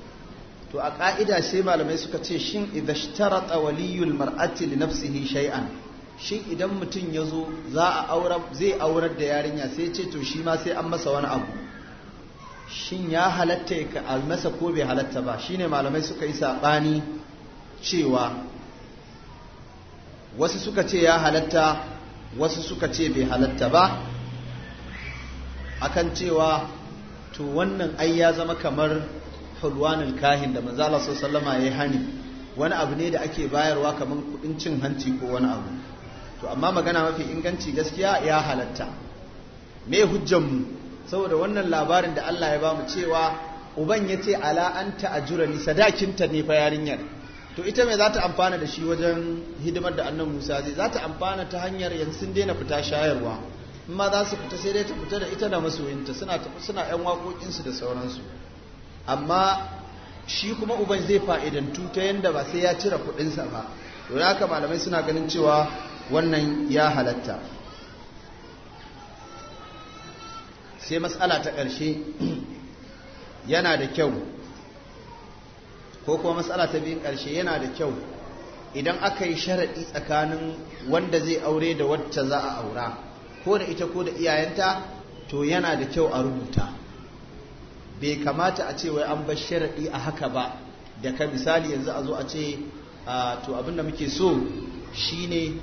S1: to a ka'ida sai malamai suka ce shin idza waliyul mar'ati li nafsihi shay'an shin idan mutum ya zo za a aura zai aurar da yarinya sai ce to shi ma sai an masa wani abu shin ya halatta ka almasa ko bai halatta ba shine malamai suka yi sabani cewa wasu suka ce ya halatta wasu suka ce bai halatta ba akan cewa to wannan ai ya zama kamar hulwanin kahin da manzo Allah ya yi hani wani abu ne da ake bayarwa kamar kudin cin hanci ko wani abu to amma magana mafi inganci gaskiya ya halatta me hujjan mu saboda wannan labarin da Allah ya bamu cewa uban yace ala anta ajurani sadakinta ne fa yarinyar to ita me za ta amfana da shi wajen hidimar da annan Musa zai za ta amfana ta hanyar yanzu sun daina fita shayarwa ma za su fita sai dai ta fita da ita da masoyinta suna suna yan waƙoƙinsu da sauransu amma shi kuma uban zai fa'idantu ta yanda ba sai ya cire kuɗinsa ba don haka malamai suna ganin cewa wannan ya halatta sai matsala ta ƙarshe yana da kyau ko kuma matsala ta biyun ƙarshe yana da kyau idan aka yi sharaɗi tsakanin wanda zai aure da wacce za a aura ko da ita ko da iyayenta to yana da kyau a rubuta bai kamata a ce wai an bar sharaɗi a haka ba da ka misali yanzu a zo a ce to abin da muke so shine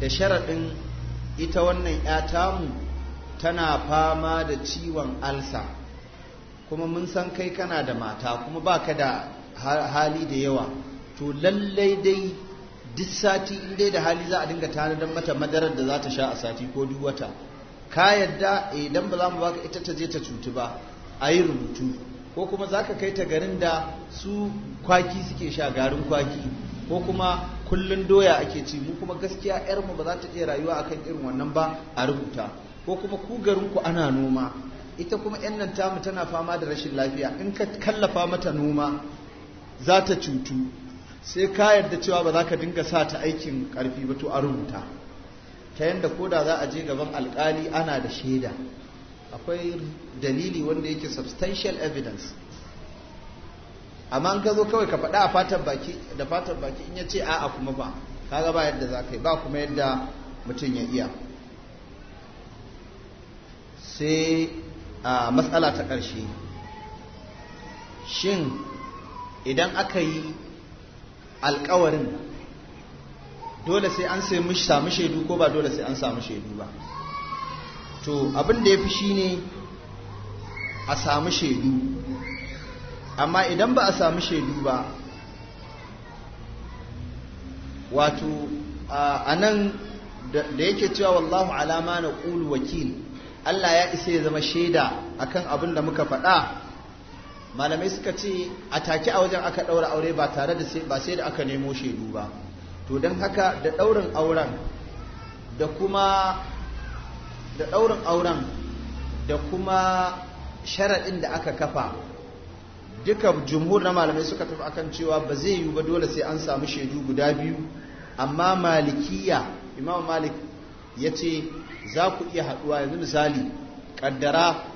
S1: da sharaɗin ita wannan ƴata mu tana fama da ciwon alsa kuma mun san kai kana da mata kuma baka da hali da yawa to lallai dai duk sati in dai da hali za a dinga tanadar mata madarar da za ta sha a sati ko duk wata ka yadda eh, idan ba za mu baka ita ta je ta cutu ba a yi rubutu ko kuma za ka kai ta garin da su kwaki suke sha garin kwaki ko kuma kullun doya ake ci mu kuma gaskiya yarmu ba za ta iya rayuwa akan irin wannan ba a rubuta ko kuma ku garin ku ana noma ita kuma yan nan mu tana fama da rashin lafiya in ka kallafa mata noma za ta cutu sai ka yarda cewa ba za ka dinga sa ta aikin karfi ba to a rubuta ta yadda ko da za a je gaban alkali ana da shaida akwai dalili wanda yake substantial evidence amma ka zo kawai ka faɗa a fatan baki da fatan baki in ya ce a'a kuma ba ga ba yadda za ka yi ba kuma yadda mutum ya iya sai a matsala ta ƙarshe shin idan aka yi alkawarin dole sai an sai mishi samu shaidu ko ba dole sai an samu shaidu ba to abin da ya fi shi ne a samu shaidu amma idan ba a samu shaidu ba wato a nan da yake cewa wallahu alama na ƙulu wakil Allah ya isa ya zama shaida akan abin da muka faɗa malamai suka ce a take a wajen aka ɗaura aure ba tare da ba sai da aka nemo shaidu ba to don haka da ɗaurin auren da kuma da ɗaurin auren da kuma sharaɗin da aka kafa duka jumhur na malamai suka tafi akan cewa ba zai yiwu ba dole sai an samu shaidu guda biyu amma malikiya imam malik ya ce za ku iya haɗuwa yanzu misali ƙaddara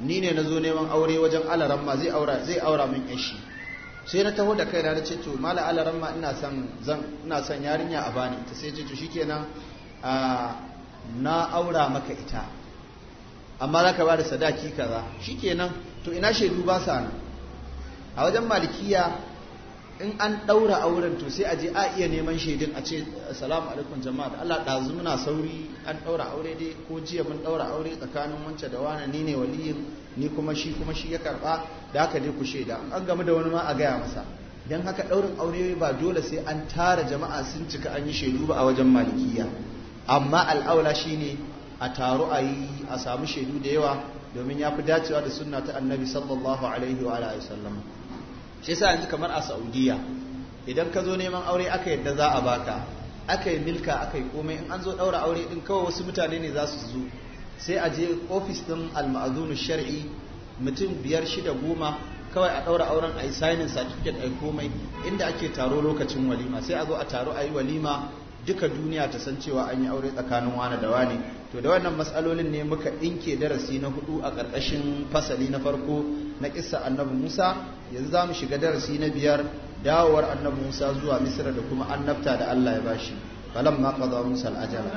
S1: ni ne na zo neman aure wajen alaramma zai aura zai aura min yashi sai na taho da kaina na ce to mala alaramma ina son zan ina son yarinya a bani ta sai ce to shikenan a na aura maka ita amma za ka ba da sadaki kaza shikenan to ina shaidu ba sa a wajen malikiya in an ɗaura auren to sai a je a iya neman shaidun a ce salamu alaikum jama'a da Allah ɗazu muna sauri an ɗaura aure dai ko jiya mun ɗaura aure tsakanin wancan da wani ni ne waliyin ni kuma shi kuma shi ya karɓa da haka dai ku shaida an gamu da wani ma a gaya masa don haka ɗaurin aure ba dole sai an tara jama'a sun cika an yi shaidu ba a wajen malikiya amma al'aula shine a taru a yi a samu shaidu da yawa domin ya fi dacewa da sunna ta annabi sallallahu alaihi wa alihi shi yasa yanzu kamar a Saudiya idan ka zo neman aure aka yadda za a baka aka yi milka aka yi komai in an zo ɗaura aure din kawai wasu mutane ne za su zo sai a je ofis din alma'azunu shar'i mutum biyar shida goma kawai a ɗaura auren a yi signing certificate a yi komai inda ake taro lokacin walima sai a zo a taro a yi walima duka duniya ta san cewa an yi aure tsakanin wani da wani to da wannan matsalolin ne muka ɗinke darasi na hudu a ƙarƙashin fasali na farko na kissa annabi musa yanzu za mu shiga darasi na biyar dawowar annabi musa zuwa misira da kuma annabta da allah ya bashi falamma qada musa al-ajala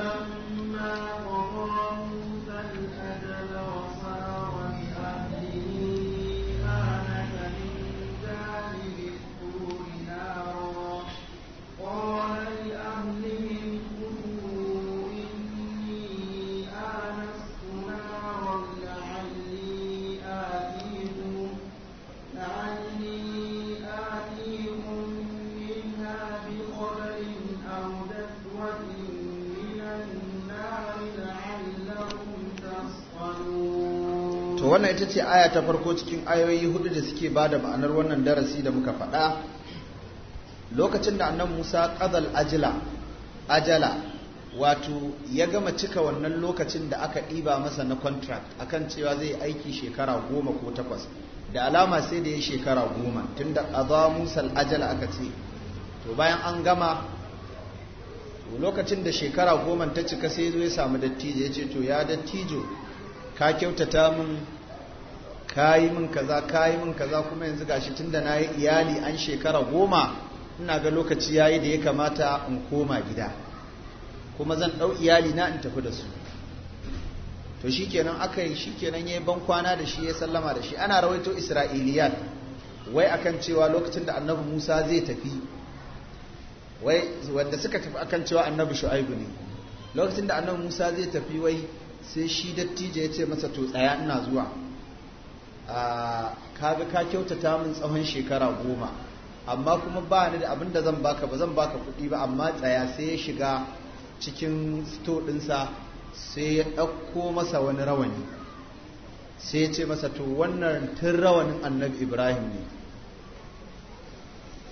S1: ce aya ta farko cikin ayoyi hudu da suke ba da ma'anar wannan darasi da muka faɗa lokacin da annan musa ƙazal ajila ajala wato ya gama cika wannan lokacin da aka ɗiba masa na contract akan cewa zai aiki shekara goma ko takwas da alama sai da ya shekara goma tun da musal ajala aka ce to bayan an gama lokacin da shekara goma ta cika sai zo ya samu dattijo ya ce to ya dattijo ka kyautata min kayi min kaza kayi min kaza kuma yanzu gashi tunda na yi iyali an shekara goma ina ga lokaci yayi da ya kamata in koma gida kuma zan ɗau iyali na in tafi da su to shikenan aka shikenan yayi ban kwana da shi ya sallama da shi ana rawaito isra'iliyat wai akan cewa lokacin da annabi Musa zai tafi wai wanda suka tafi akan cewa annabi Shu'aibu ne lokacin da annabi Musa zai tafi wai sai shi dattijo ya ce masa to tsaya ina zuwa kaga ka kyautata min tsawon shekara goma amma kuma ba ni da abin da zan baka ba zan baka kuɗi ba amma tsaya sai ya shiga cikin sito ɗinsa sai ya ɗauko masa wani rawani sai ya ce masa to wannan tun rawanin annabi ibrahim ne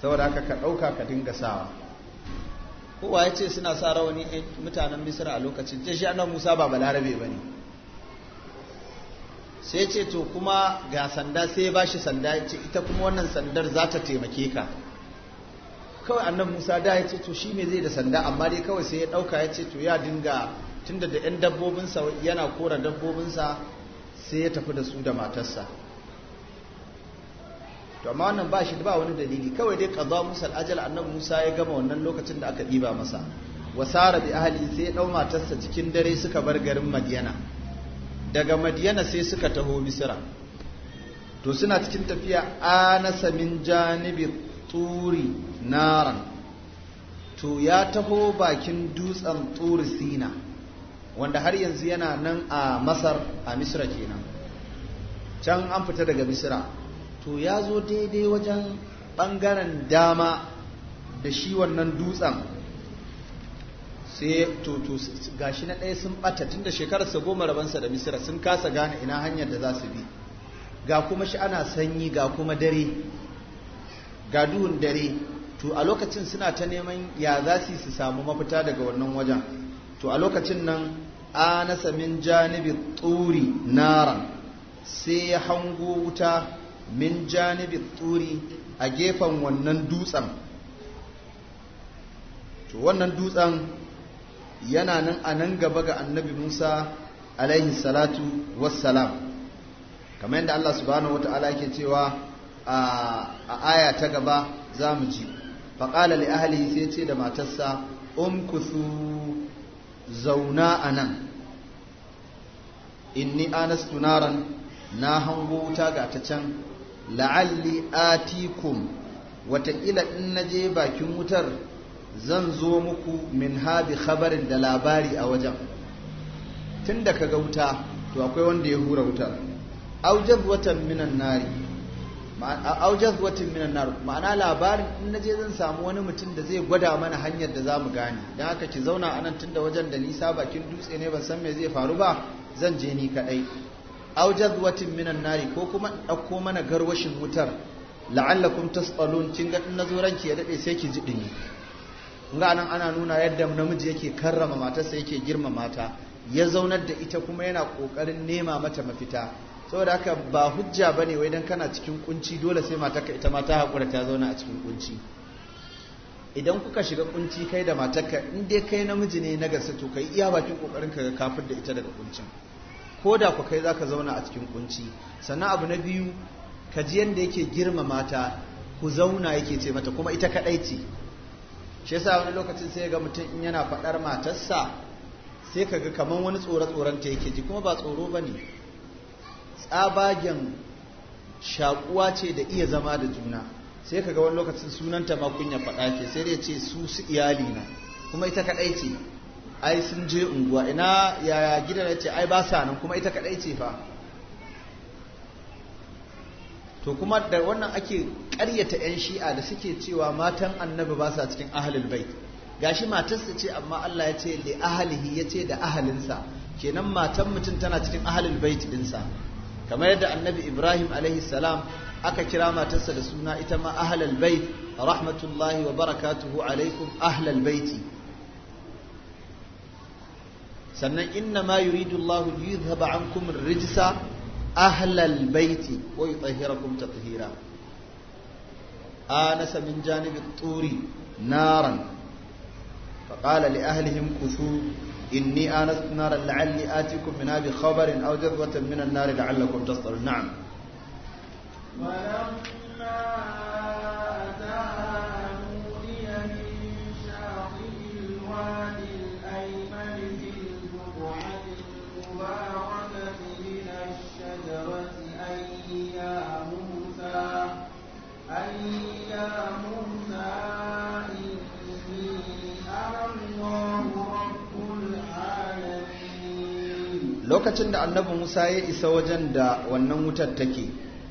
S1: saboda haka ka ɗauka ka dinga sawa kowa ya ce suna sa rawani eh, mutanen misira a lokacin ce shi annabi musa ba balarabe ba ne sai ce to kuma ga sanda sai ba shi sanda ya ce ita kuma wannan sandar za ta taimake ka kawai annan musa da ya ce to shi me zai da sanda amma dai kawai sai ya ɗauka ya ce to ya dinga tunda da 'yan dabbobinsa yana kora dabbobinsa sai ya tafi da su da matarsa to amma wannan ba shi ba wani dalili kawai dai kaza musa ajal annabi musa ya gama wannan lokacin da aka ɗiba masa wasara bi ahli sai ya dau matarsa cikin dare suka bar garin madyana daga madiyana sai suka taho misira to suna cikin tafiya anasa min janibi turi naran to ya taho bakin dutsen turi sina wanda har yanzu yana nan a masar a misira kenan can an fita daga misira to ya zo daidai wajen ɓangaren dama da shi wannan dutsen sai to gashi na ɗaya sun ɓata tunda shekarar sa goma rabansa da misira sun kasa gane ina hanyar da za su bi ga kuma shi ana sanyi ga kuma dare ga duhun dare to a lokacin suna ta neman ya za su su samu mafita daga wannan wajen to a lokacin nan anasa min janibi turi nara sai ya hango wuta min janibi turi a gefen wannan dutsen to wannan dutsen yana nan a nan gaba ga annabi Musa alaihi salatu wassalam kamar yadda Allah subhanahu ta'ala yake cewa a aya ta gaba za mu ji faƙala li ahli sai ce da matarsa umkuthu zauna a nan inni anastu naran na hango wuta ga ta can la'alli atikum wataƙila in na je bakin wutar zan zo muku min hadi khabarin da labari a wajen tun da ka wuta to akwai wanda ya hura wutar aujaz watan minan nari aujaz watan minan nari ma'ana labarin in naje zan samu wani mutum da zai gwada mana hanyar da zamu gane dan haka ki zauna anan tun da wajen da nisa bakin dutse ne ban san me zai faru ba zan je ni kadai aujaz watan minan nari ko kuma dauko mana garwashin wutar la'allakum tasqalun kin ga in nazo ranki ya dade sai ki ji dini. ga nan ana nuna yadda namiji yake karrama matarsa yake girmama mata ya zaunar da ita kuma yana kokarin nema mata mafita saboda haka ba hujja bane wai dan kana cikin kunci dole sai matarka ita ma ta hakura ta zauna a cikin kunci idan kuka shiga kunci kai da matarka in dai kai namiji ne na gasa to kai iya bakin kokarin ka kafin da ita daga kuncin ko da ku kai zaka zauna a cikin kunci sannan abu na biyu ka ji yanda yake girmamata mata ku zauna yake ce mata kuma ita kadai ce shi yasa wani lokacin sai ga mutum in yana faɗar matarsa sai ka ga kamar wani tsoron ta yake ji kuma ba tsoro ba ne tsabagen shakuwa ce da iya zama da juna sai ka ga wani lokacin sunanta ma ya faɗa ke sai dai ce su su iyali na kuma ita kaɗai ce ai sun je unguwa ina yaya gidan ce ai ba sa nan kuma ita kaɗai ce fa to kuma da wannan ake karyata 'yan shi'a da suke cewa matan annabi ba sa cikin ahalul bait gashi matarsa ce amma Allah ya ce li ahalihi ya ce da ahalinsa kenan matan mutum tana cikin ahalul bait ɗinsa. kamar yadda annabi Ibrahim alaihi salam aka kira matarsa da suna ita ma ahalul bai rahmatullahi wa barakatuhu alaikum ahlal baiti sannan inna ma yuridu Allah liyuzhaba ankum rijsa أهل البيت ويطهركم تطهيرا آنس من جانب الطور نارا فقال لأهلهم كثوا إني آنست نارا لعلي آتيكم منها بخبر أو جذوة من النار لعلكم تصطلون نعم ولما lokacin da annabi musa ya isa wajen da wannan wutar take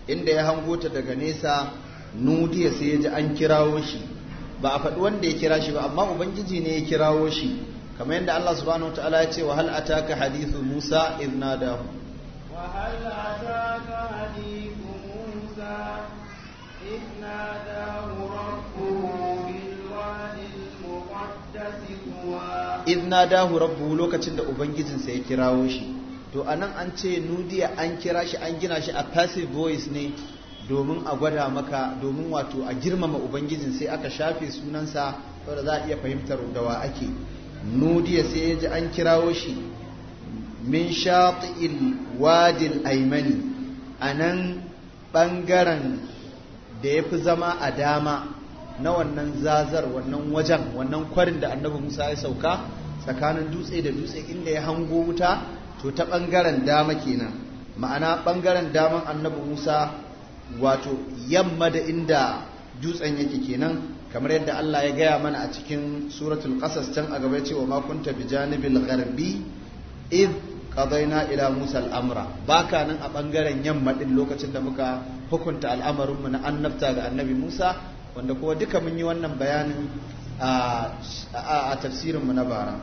S1: inda ya hango ta daga nesa nudiya sai ya ji an kirawo shi ba a faɗi wanda ya kira shi ba amma ubangiji ne ya kirawo shi kamar yadda allah subhanahu wa ta'ala ya ce wa hal ataka hadithu musa idh nadahu wa hal
S2: ataka hadithu musa idh nadahu rabbuhu bil wadi
S1: al idh lokacin da ubangijinsa ya kirawo shi to anan an ce nudiya an kira shi an gina shi a passive voice ne domin a gwada maka domin wato a girmama ubangijin sai aka shafe sunansa wadda za a iya fahimtar da wa ake nudiya sai ya ji an kirawo shi min shati'il wadil aimani a nan ɓangaren da ya fi zama a dama na wannan zazar wannan wajen wannan kwarin da annabi musa ya sauka tsakanin dutse da dutse inda ya hango wuta to ta ɓangaren dama kenan ma'ana ɓangaren daman annabi musa wato yamma da inda dutsen yake kenan kamar yadda allah ya gaya mana a cikin suratul qasas can a gaba cewa ma kunta bi janibil gharbi id qadayna ila musa al'amra baka nan a ɓangaren yamma din lokacin da muka hukunta al'amarinmu na annabta ga annabi musa wanda kuwa duka mun yi wannan bayanin a tafsirin mu na bara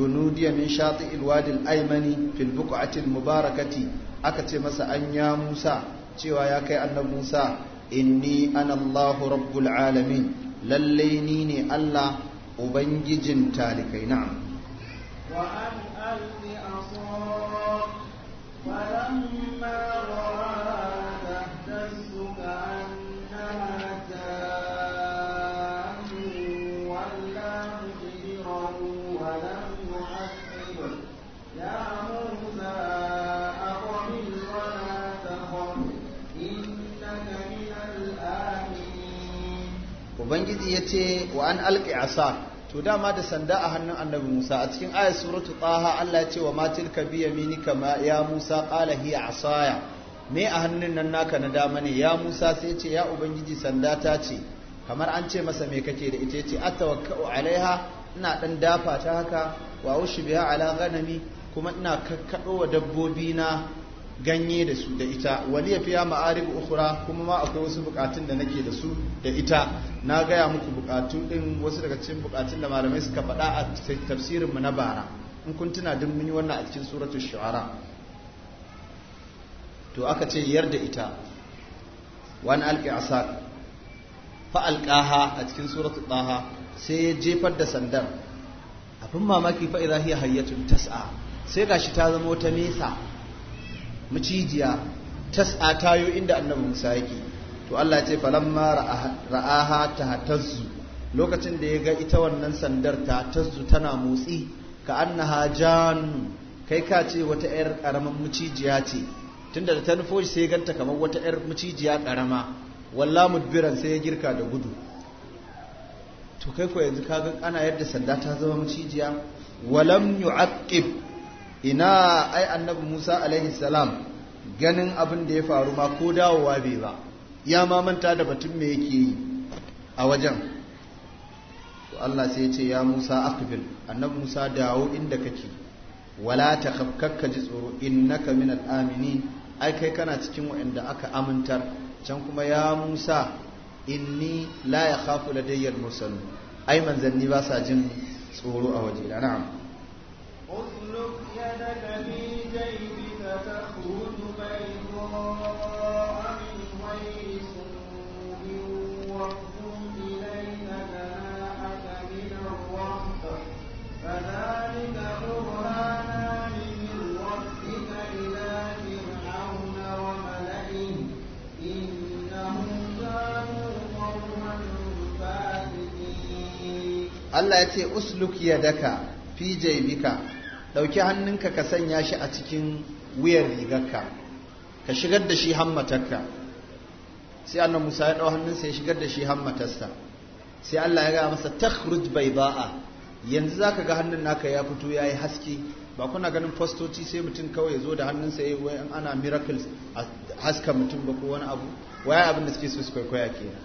S1: tunudi min shati ilwadil aimani fil buqatil mubarakati aka ce masa an ya Musa cewa ya kai annab Musa inni ana Allahu rabbul alamin lalle ni ne Allah ubangijin talikai na'am
S2: wa an alni asar falamma
S1: ubangiji ya ce wa an alƙi asa to dama da sanda a hannun annabi musa a cikin ayat suratu taha allah ya ce wa matil ka biya mini kama ya musa ƙala hiya asaya me a hannun nan naka na dama ne ya musa sai ce ya ubangiji sanda ta ce kamar an ce masa me kake da ita yace atawakkau alaiha ina dan dafa ta haka wa ushbiha ala ghanami kuma ina kakkaɗo wa dabbobi na ganye da su da ita wani waliya ya ma'arib ukhra kuma ma akwai wasu bukatun da nake da su da ita na gaya muku bukatu din wasu daga cikin bukatun da malamai suka faɗa a tafsirin mu na bara in kun tuna duk mun wannan a cikin suratul shu'ara to aka ce yar da ita wani alqi asaq fa alqaha a cikin suratul taha sai ya jefar da sandar abin mamaki fa idza hiya hayyatun tas'a sai gashi ta zama wata mesa macijiya ta tayo inda annabi Musa yake to Allah ya ce falamma ra'aha tazzu lokacin da ya ga ita wannan sandar ta tazzu tana motsi ka annaha jan kai ka ce wata yar karaman macijiya ce tunda da ta nufo shi sai ganta kamar wata yar macijiya karama walla mudbiran sai ya girka da gudu to kai ko yanzu kaga ana yadda sanda ta zama macijiya, walam yu'aqib ina ai annabi Musa alaihi salam ganin abin da ya faru ma ko dawowa bai ba ya ma manta da batun me yake yi a wajen to Allah sai ya ce ya Musa aqbil annabi Musa dawo inda kake wala takhaf kakka ji tsoro innaka al aminin ai kai kana cikin waɗanda aka amintar can kuma ya Musa inni la yakhafu ladayyal mursalun ai manzanni ba sa jin tsoro a waje na'am
S2: اسلك يدك في جيبك تخرج بيضاء من غير سوء واحكم إلينا جناحك من الرحمة فذلك برهانان من ربك إلى فرعون وملئه إنهم كانوا قوما فاسقين
S1: الله يتي أسلك يدك في جيبك ɗauki hannunka ka sanya shi a cikin wuyar rigarka ka shigar da shi hammatarka sai annan musa ya ɗau hannunsa ya shigar da shi hammatarsa sai allah ya gaya masa takhruj bai ba'a yanzu za ka ga hannun naka ya fito ya yi haske ba kuna ganin fastoci sai mutum kawai ya zo da hannunsa ya yi ana miracles a haska mutum ba ko wani abu waya abin da suke so su kwaikwaya kenan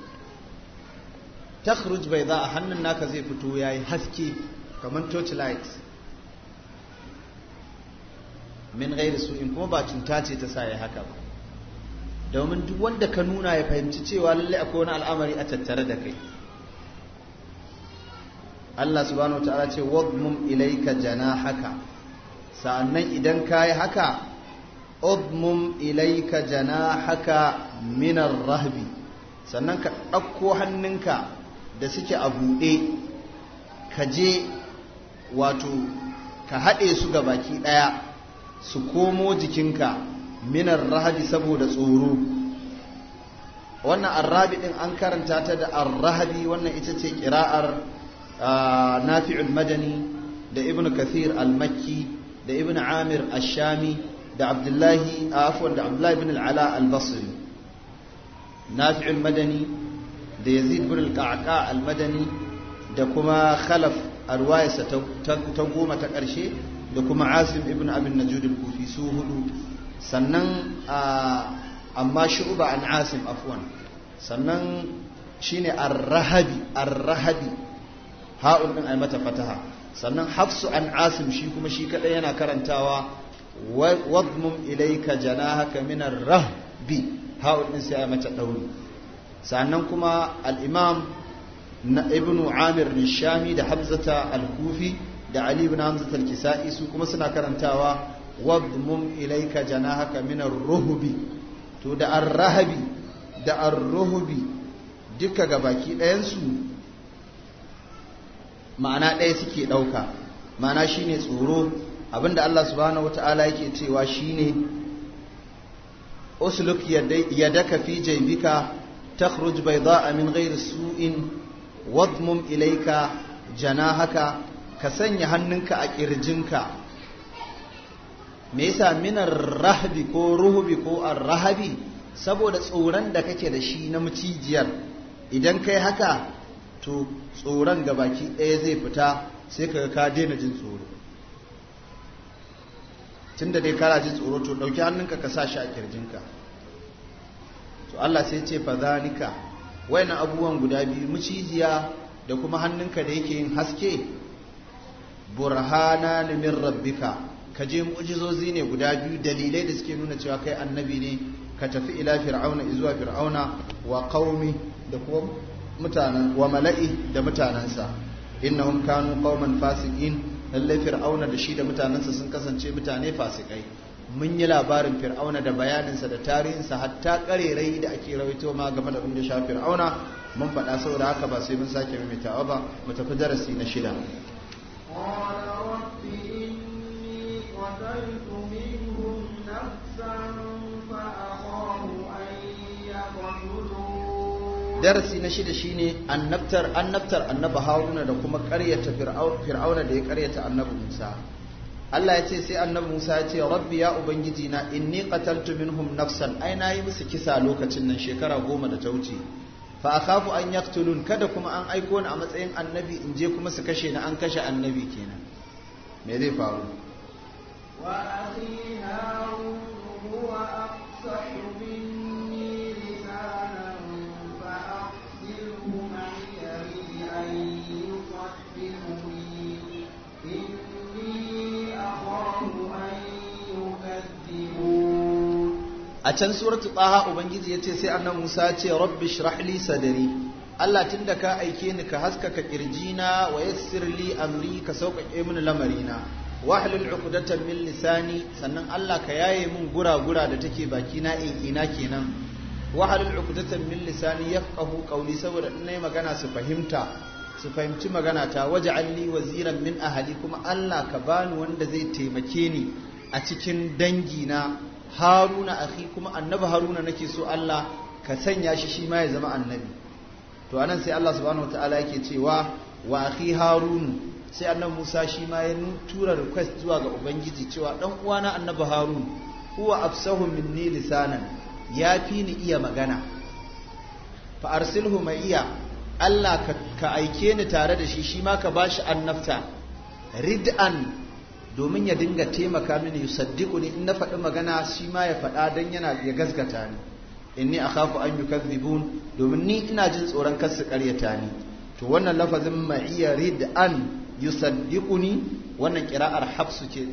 S1: takhruj bai za'a hannun naka zai fito ya yi haske kamar torch lights min su in kuma ba ta ce ta sa ya haka ba domin duk wanda ka nuna ya fahimci cewa lalle akwai wani al'amari a tattare da kai Allah subhanahu wataala ce wadmum ilayka janahaka sa'annan idan kai haka udmum ilayka janahaka min ar-rahbi sannan ka ɗauko hannunka da suke a bude ka je wato ka haɗe su ga baki ɗaya su komo jikinka minar rahabi saboda tsoro wannan arrabi din an karanta ta da arrahabi wannan ita ce kira'ar ah, nafi'ul madani da ibn kathir al-makki da ibn amir shami da abdullahi ah, afwan da abdullahi ibn al-ala al-basri nafi'ul madani da yazid ibn al-qa'qa al-madani da kuma khalaf a ta goma ta ƙarshe da kuma asim ibn abin najud kufi su hudu sannan amma shu'ba an asim afwan sannan shine ar-rahabi ar-rahabi ha'un din ay mata fataha sannan hafsu an asim shi kuma shi kadai yana karantawa wadmum ilayka janahaka min ar-rahbi ha'un din sai ay mata dauri sannan kuma al-imam na ibnu amir nishami da hamzata al-kufi da Ali ibn Hamza al-Kisa'i su kuma suna karantawa wadmum ilayka janahaka min ar-ruhbi to da ar-rahbi da ar-ruhbi duka ga ɗayan su ma'ana ɗaya suke ɗauka ma'ana shine tsoro abinda Allah subhanahu wata'ala yake cewa shine usluk yadaka fi jaybika takhruj bayda'a min ghairi su'in ilaika ilayka janahaka ka sanya hannunka a ƙirjinka me yasa minar rahabi ko ruhubi ko arrahabi saboda tsoron da kake da shi na macijiyar idan kai haka to tsoron ga baki ɗaya zai fita sai ka ka daina jin tsoro tun da dai kana jin tsoro to ɗauki hannunka ka sa shi a kirjinka to Allah sai ce fa zanika wayannan abubuwan guda biyu mucijiya da kuma hannunka da yake yin haske burhana min rabbika ka je mu'jizozi ne guda biyu dalilai da suke nuna cewa kai annabi ne ka tafi ila fir'auna zuwa fir'auna wa qaumi da kuma mutanen wa mala'i da mutanansa innahum kanu qauman fasiqin lallai fir'auna da shi da mutanansa sun kasance mutane fasikai mun yi labarin fir'auna da bayaninsa da tarihinsa hatta karerai da ake rawaito ma game da abin sha fir'auna mun faɗa saboda haka ba sai mun sake maimaitawa ba mu tafi darasi na shida darasi na shida shine annabtar annabtar annabi haruna da kuma ƙaryata fir'auna da ya ƙaryata annabi musa Allah ya ce sai annabi musa ya ce rabbi ya ubangiji na inni qataltu minhum nafsan ai na yi musu kisa lokacin nan shekara goma da ta wuce fa akhafu an yaqtulun kada kuma an aiko ni a matsayin annabi in je kuma su kashe ni an kashe annabi kenan me zai faru
S2: wa akhi huwa afsahu
S1: a can suratu taha ubangiji yace sai annabi musa ce rabbi shrah li sadri Allah tunda ka aike ni ka haskaka kirjina wa yassir li amri ka sauƙaƙe mini lamarina wahlul uqdatan min lisani sannan Allah ka yaye min gura-gura da take baki na in ina kenan wahlul uqdatan min lisani yafqahu qawli saboda in nayi magana su fahimta su fahimci magana ta waje alli waziran min ahali kuma Allah ka bani wanda zai taimake ni a cikin dangina haruna akhi kuma annabi haruna nake so Allah ka sanya shi shi ma ya zama annabi to anan sai Allah subhanahu wataala yake cewa wa akhi harun sai annabi Musa shi ma ya tura request zuwa ga ubangiji cewa dan uwana annabi harun huwa afsahu minni lisanan ya fi ni iya magana fa arsilhu iya Allah ka aike ni tare da shi shi ma ka bashi annafta rid'an domin ya dinga taimaka mini yusaddiqu ni in na faɗi magana shi ma ya faɗa dan yana ya gasgata ni inni kafa an bun domin ni ina jin tsoron kar su ƙaryata ni to wannan lafazin ma'iya an ya wannan ni wannan ce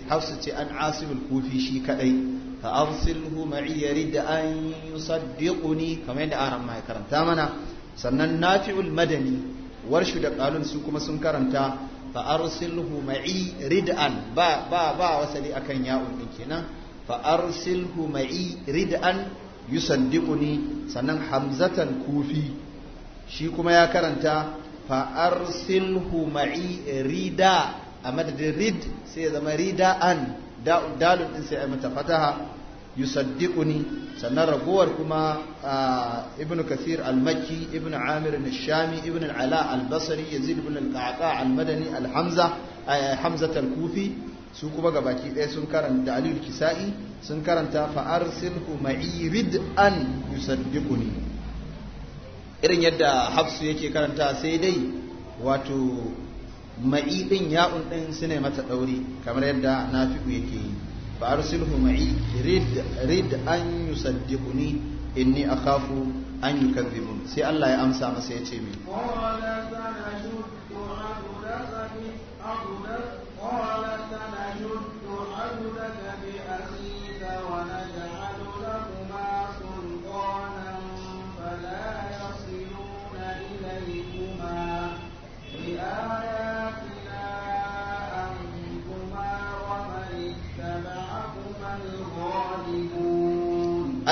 S1: hafsu ce an asibin kufi shi kadai fa arsilhu ma'iya rid'an yusaddiquni kamar yadda aran ma ya karanta mana sannan nafi'ul madani warshu da kalun su kuma sun karanta fa arsilhu ma'i rid'an ba ba ba wasali akan ya'un din kenan fa arsilhu ma'i rid'an yusaddiquni sannan hamzatan kufi shi kuma ya karanta fa arsilhu ma'i rida a madadin rid sai ya zama rida'an dalun din sai a mata fataha yusaddiquni sannan ragowar kuma ibn kathir al-makki ibn amir al-shami ibn al-ala al-basri yazid ibn al-qaqa al-madani al-hamza hamza al-kufi su kuma gabaki ɗaya sun karanta dalil kisa'i sun karanta arsilhu ma'i ma'irid an yusaddiquni irin yadda hafsu yake karanta sai dai wato ma'i din ya'un din sune mata ɗauri kamar yadda nafi'u yake yi fa arsilhu ma'i rid rid an yusaddiquni inni akhafu an yukadhibun sai Allah ya amsa masa yace min
S2: qala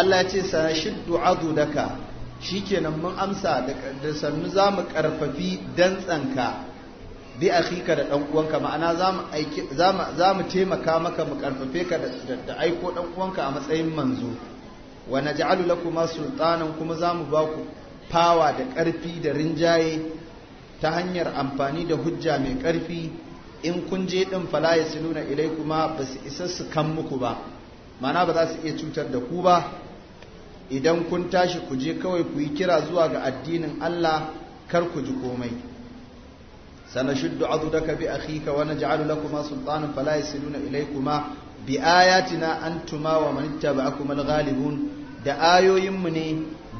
S2: Allah ce sa shiddu
S1: shi shikenan mun amsa da sannu za mu karfafi dantsanka bi akhika da dan uwanka ma'ana za mu taimaka maka mu karfafe ka da aiko dan uwanka a matsayin manzo wa naj'alu lakum sultanan kuma za mu ba ku fawa da karfi da rinjaye ta hanyar amfani da hujja mai karfi in kun je din fala yasiluna ilaikuma ba su isa su kan muku ba ma'ana ba za su iya cutar da ku ba idan kun tashi ku je kawai ku yi kira zuwa ga addinin Allah kar ku ji komai sanashuddu azudaka bi akhika wa naj'alu lakuma sultanan fala yasiluna ilaykuma bi ayatina antuma wa man ittaba'akum al-ghalibun da ayoyinmu ne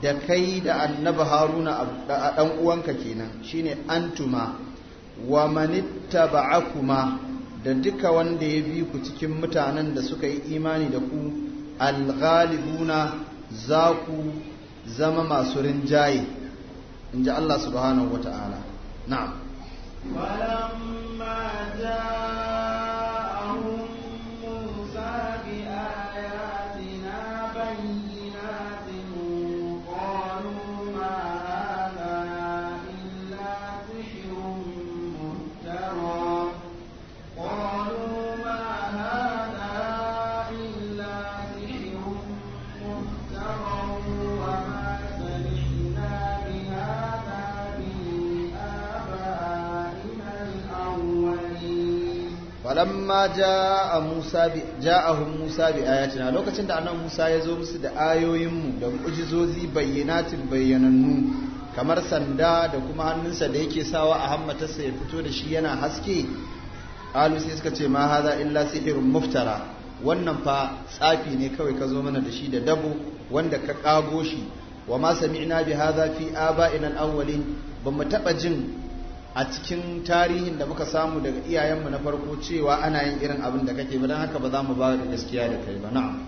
S1: da kai da annabi haruna a ɗan uwanka kenan shine antuma wa kuma da duka wanda ya bi ku cikin mutanen da suka yi imani da ku al al-ghalibuna za ku zama masu rinjaye in ji Allah subhanahu wa ta'ala na'am falamma ja'a Musa bi ja'ahum Musa bi ayatina lokacin da annabi Musa ya zo musu da ayoyin mu da mu'jizozi bayyanatin bayyanannu kamar sanda da kuma hannunsa da yake sawa a hammatarsa ya fito da shi yana haske qalu sai suka ce ma hadha illa sihrun muftara wannan fa tsafi ne kawai ka zo mana da shi da dabo wanda ka kago shi wa ma sami'na bi hadha fi aba'ina al-awwalin bamu taba jin a cikin tarihin da muka samu daga iyayenmu na farko cewa ana yin irin abin da kake ba don haka ba za mu ba da gaskiya da kai ba na'am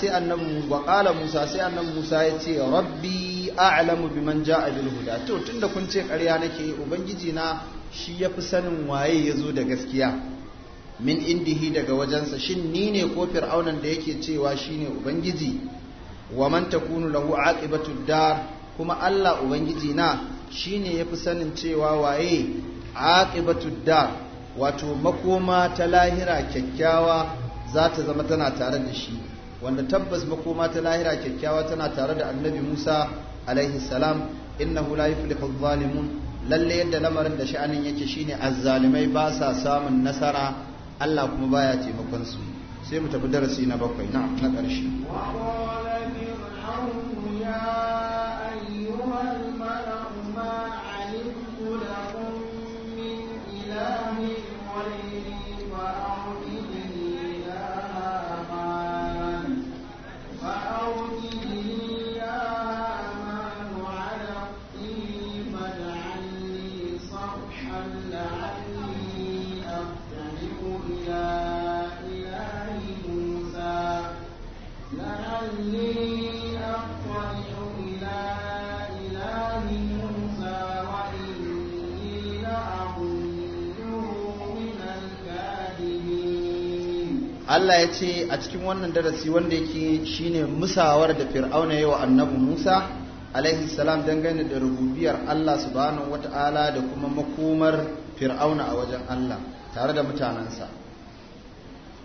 S1: sai annabi wa qala musa sai annabi musa ya ce rabbi a'lamu biman ja'a bil huda to tunda kun ce ƙarya nake ubangiji na shi yafi sanin waye yazo da gaskiya min indihi daga wajensa shin ni ne ko fir'aunan da yake cewa shine ubangiji wa man takunu lahu aqibatu dar kuma Allah ubangiji na shine yafi sanin cewa waye aqibatu dar wato makoma ta lahira kyakkyawa za ta zama tana tare da shi wanda tabbas makoma ta lahira kyakkyawa tana tare da annabi Musa alaihi salam innahu la yuflihu zalimun lalle yadda lamarin da sha'anin yake shine azzalimai ba sa samun nasara Allah kuma baya taimakon su sai mu tafi darasi na bakwai na na
S2: ƙarshe
S1: Allah ya ce a cikin wannan darasi wanda yake shine musawar da fir'auna yi wa annabi Musa alaihi salam dangane da rububiyar Allah subhanahu wata'ala da kuma makomar fir'auna a wajen Allah tare da mutanensa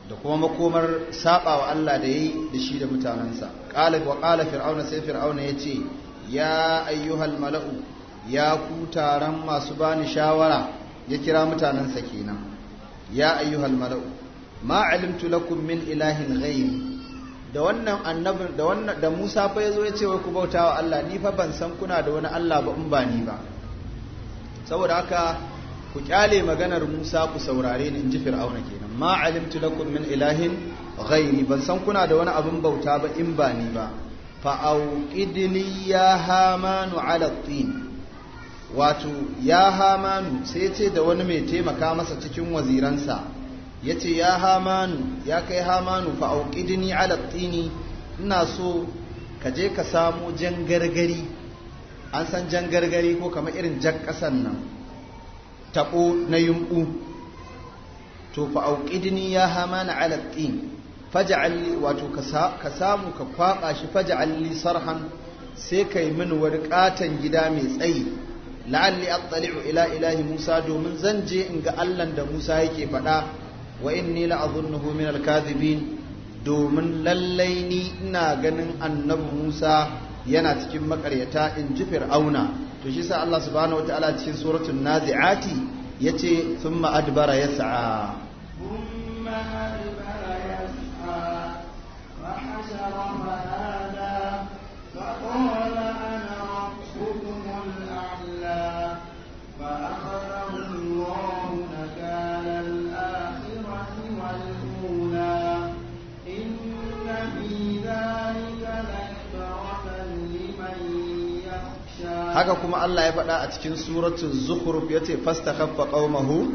S1: da kuma makomar saba wa Allah da yayi da shi da mutanensa qala wa qala fir'auna sai fir'auna yace ya ayyuhal mala'u ya ku taron masu bani shawara ya kira mutanensa kenan ya ayyuhal mala'u ma alimtu lakum min ilahin ghayr da wannan annabi da wannan da Musa fa yazo ya ce wai ku bautawa Allah ni fa ban san kuna da wani Allah ba in ba ni ba saboda haka ku kyale maganar Musa ku saurare ni in ji Fir'auna kenan ma alimtu lakum min ilahin ghairi ban san kuna da wani abin bauta ba in ba ni ba fa auqidni ya hamanu ala tin wato ya hamanu sai ce da wani mai taimaka masa cikin waziransa ya ce ya hamanu ya kai hamanu fa'auƙidini alattini ina so ka je ka samu jan gargari an san jan gargari ko kamar irin jan ƙasan nan taɓo na yumɓu to fa fa'auƙidini ya hamanu alattini faja'alli wato ka samu ka kwaɓa shi faja'alli sarhan sai ka yi min wani ƙaton gida mai tsayi la'alli attali'u ila ilahi musa domin zan je in ga allan da musa yake faɗa وإني لأظنه من الكاذبين دوما لليني ناغن أن النبي موسى ينات جمك أريتا إن جفر أونا تجيس الله سبحانه وتعالى في سورة النازعات يتي ثم أدبر يسعى
S2: ثم أدبر يسعى وحشر فهذا فقال haka
S1: kuma Allah ya faɗa a cikin suratun zukhruf ya ce fasta fastakhaffa qaumahu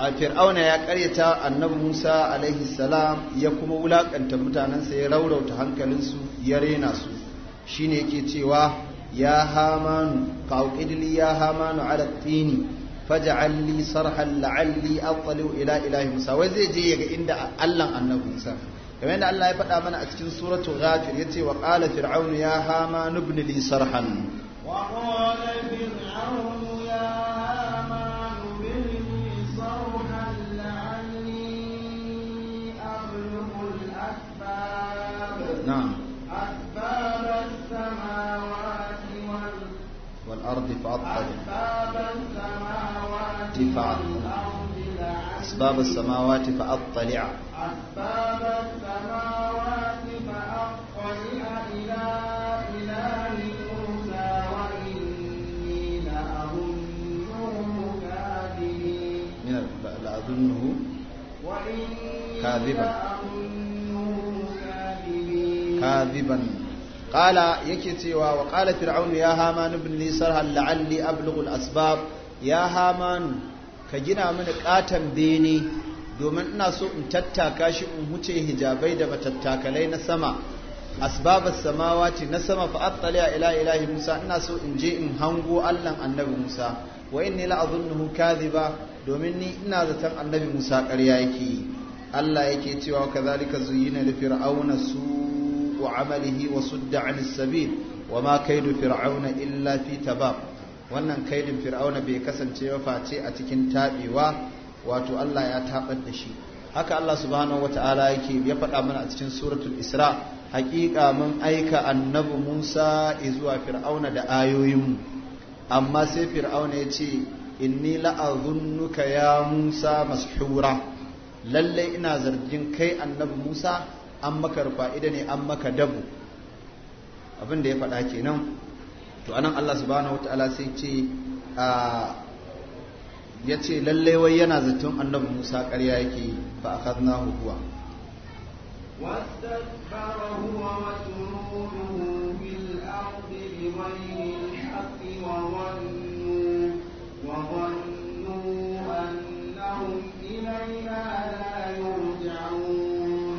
S1: a fir'auna ya ƙaryata annabi musa alaihi salam ya kuma wulaƙanta mutanensa ya raurauta hankalinsu ya rena su shine yake cewa ya hamanu kawo ƙidili ya hamanu ala faj'al li sarhan la'alli attali'u ila ilahi musa wai zai je ga inda Allah annabi musa kamar yadda Allah ya faɗa mana a cikin suratu ghafir yace wa qala fir'aunu ya hama nubni li sarhan
S2: wa qala ف
S1: أسباب السماوات فأطلع
S2: أسباب السماوات فأطلع إلى إله موسى وإني لأظنه كاذبا
S1: لأظنه
S2: كاذبا كاذبا
S1: قال يكتي وقال فرعون يا هامان ابن لي سرها لعلي أبلغ الأسباب ya hamanu ka gina mini katon bene domin ina so in tattaka shi in wuce hijabai da matattakalai na sama asbabar ce na sama fa attaliya ila ilahi musa ina so in je in hango allan annabi musa wa inni la azunnuhu kadhiba domin ni ina zaton annabi musa ƙarya yake allah yake cewa kazalika zuyina li fir'auna su'u amalihi wa sudda 'anis sabil wa ma kaidu fir'auna illa fi tabab wannan kaidin fir'auna bai kasance ba face a cikin taɓewa wato Allah ya tabar da shi haka Allah subhanahu wataala yake ya faɗa mana a cikin suratul isra haƙiƙa mun aika annabi Musa zuwa fir'auna da ayoyinmu amma sai fir'auna ya ce inni la'azunnuka ya Musa mashura lalle ina zargin kai annabi Musa an maka rufa'ida ne an maka dabu abin da ya faɗa kenan to anan Allah subhanahu ta'ala sai ce ya ce lallai wai yana zaton annabi Musa ƙarya yake fa akhadnahu huwa
S2: واستكبر هو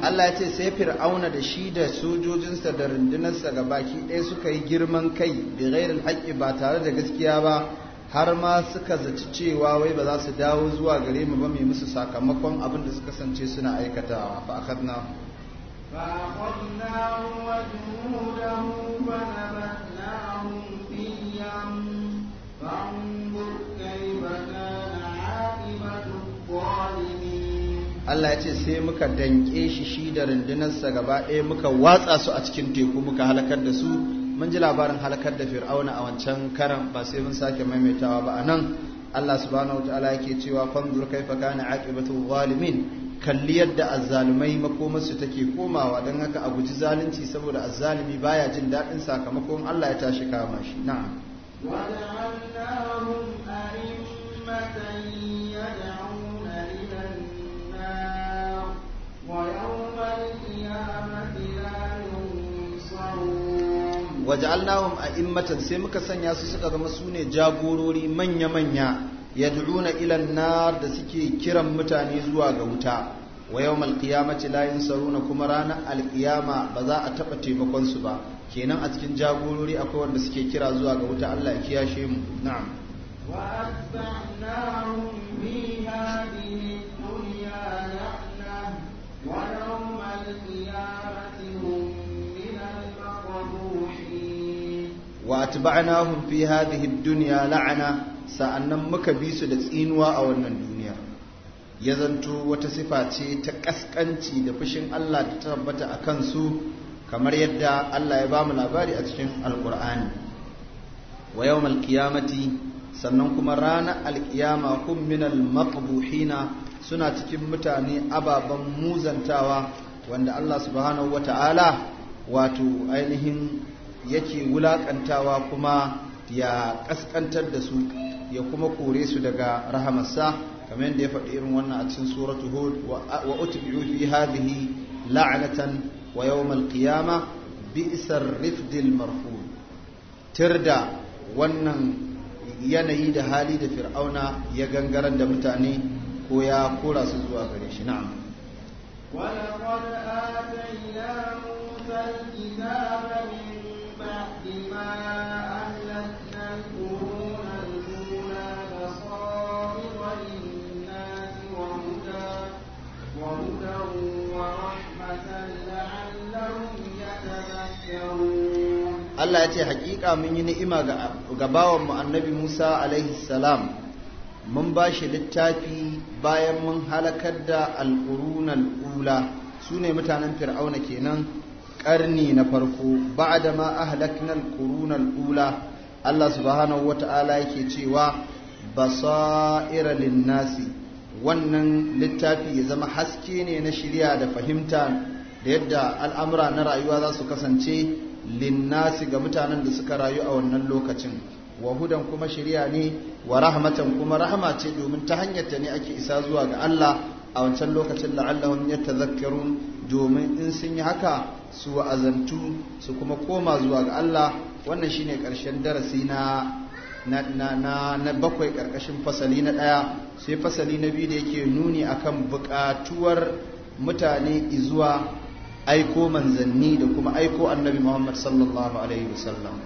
S1: Allah ya ce sai fir'auna da shi da sojojinsa da rundunarsa ga baki ɗaya suka yi girman kai bi ghairil haqqi ba tare da gaskiya ba har ma suka zaci cewa wai ba za su dawo zuwa gare mu ba mai musu sakamakon abin da suka sance suna aikatawa fa akhadna
S2: fa akhadna wa
S1: Allah ya ce sai muka danƙe shi shi da rundunarsa gaba ɗaya muka watsa su a cikin teku muka halakar da su mun ji labarin halakar da fir'auna a wancan karan ba sai mun sake maimaitawa ba anan nan Allah subhanahu ta'ala yake cewa fanzur kaifa kana aqibatu zalimin kalli yadda azzalumai makomarsu take komawa dan haka a guji zalunci saboda azzalumi baya jin daɗin sakamakon Allah ya tashi kama shi na'am
S2: ja'alnahum أئمة
S1: waja'alnahum a'immatan sai muka sanya su suka zama sune jagorori manya-manya yad'una ila nar da suke kiran mutane zuwa ga wuta wa yawmal qiyamati la yansaruna kuma ranar alqiyama ba za a taba taimakon su ba kenan a cikin jagorori akwai wanda suke kira zuwa ga wuta Allah ya kiyashe mu na'am
S2: wa asbahnahum bi hadihi ويوم القيامة هم من المقبوحين
S1: في هذه الدنيا لعنة sa'annan muka bi su da tsinuwa a wannan duniya ya zanto wata sifa ce ta ƙasƙanci da fushin Allah da ta tabbata a kansu kamar yadda Allah ya ba mu labari a cikin alƙur'ani wa yawmal qiyamati sannan kuma ranar alƙiyama hum minal maqbuhina suna cikin mutane ababen muzantawa wanda Allah subhanahu wa ta'ala wato ainihin yake wulakantawa kuma ya kaskantar da su ya kuma kore su daga rahamarsa kamar yadda ya faɗi irin wannan a cikin suratu hud wa utbi'u fi hadhihi la'natan wa yawm al-qiyama bi'sar rifdil marfud tirda wannan yanayi da hali da fir'auna ya gangaran da mutane ko ya kora su zuwa gare shi na'am
S2: ولقد آتينا موسى الكتاب من بعد ما أهلكنا القرون الأولى بصائر للناس وهدى وهدى ورحمة لعلهم يتذكرون
S1: Allah ya ce hakika mun yi ni'ima ga bawan mu annabi Musa alaihi salam mun ba shi littafi bayan mun halakar da al'urunan ula su ne mutanen fir'auna kenan ƙarni na farko ba da ma ahalakna al'urunan ula Allah subhanahu wa ta'ala yake cewa basa'ira linnasi wannan littafi ya zama haske ne na shirya da fahimta da yadda al'amura na rayuwa za su kasance linnasi ga mutanen da suka rayu a wannan lokacin wa hudan kuma shari'a ne wa rahmatan kuma rahama ce domin ta hanyar ta ne ake isa zuwa ga Allah a wancan lokacin la'allahum yatadhakkarun domin in sun yi haka su azantu su kuma koma zuwa ga Allah wannan shine karshen darasi na na na na bakwai karkashin fasali na daya sai fasali na biyu da yake nuni akan buƙatuwar mutane zuwa aiko manzanni da kuma aiko annabi Muhammad sallallahu alaihi wasallam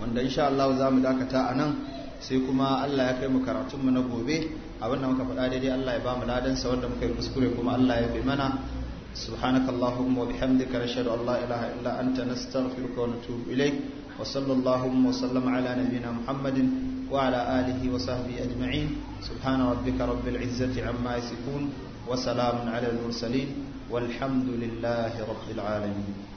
S1: wanda insha Allah za mu dakata a nan sai kuma Allah ya kai mu karatunmu na gobe abin da muka faɗa daidai Allah ya ba mu ladansa wanda muka yi kuskure kuma Allah ya bi mana سبحانك اللهم وبحمدك نشهد ان لا اله الا انت نستغفرك ونتوب اليك وصلى اللهم وسلم على نبينا محمد وعلى اله وصحبه اجمعين سبحان ربك رب العزه
S2: عما يصفون وسلام على المرسلين والحمد لله رب العالمين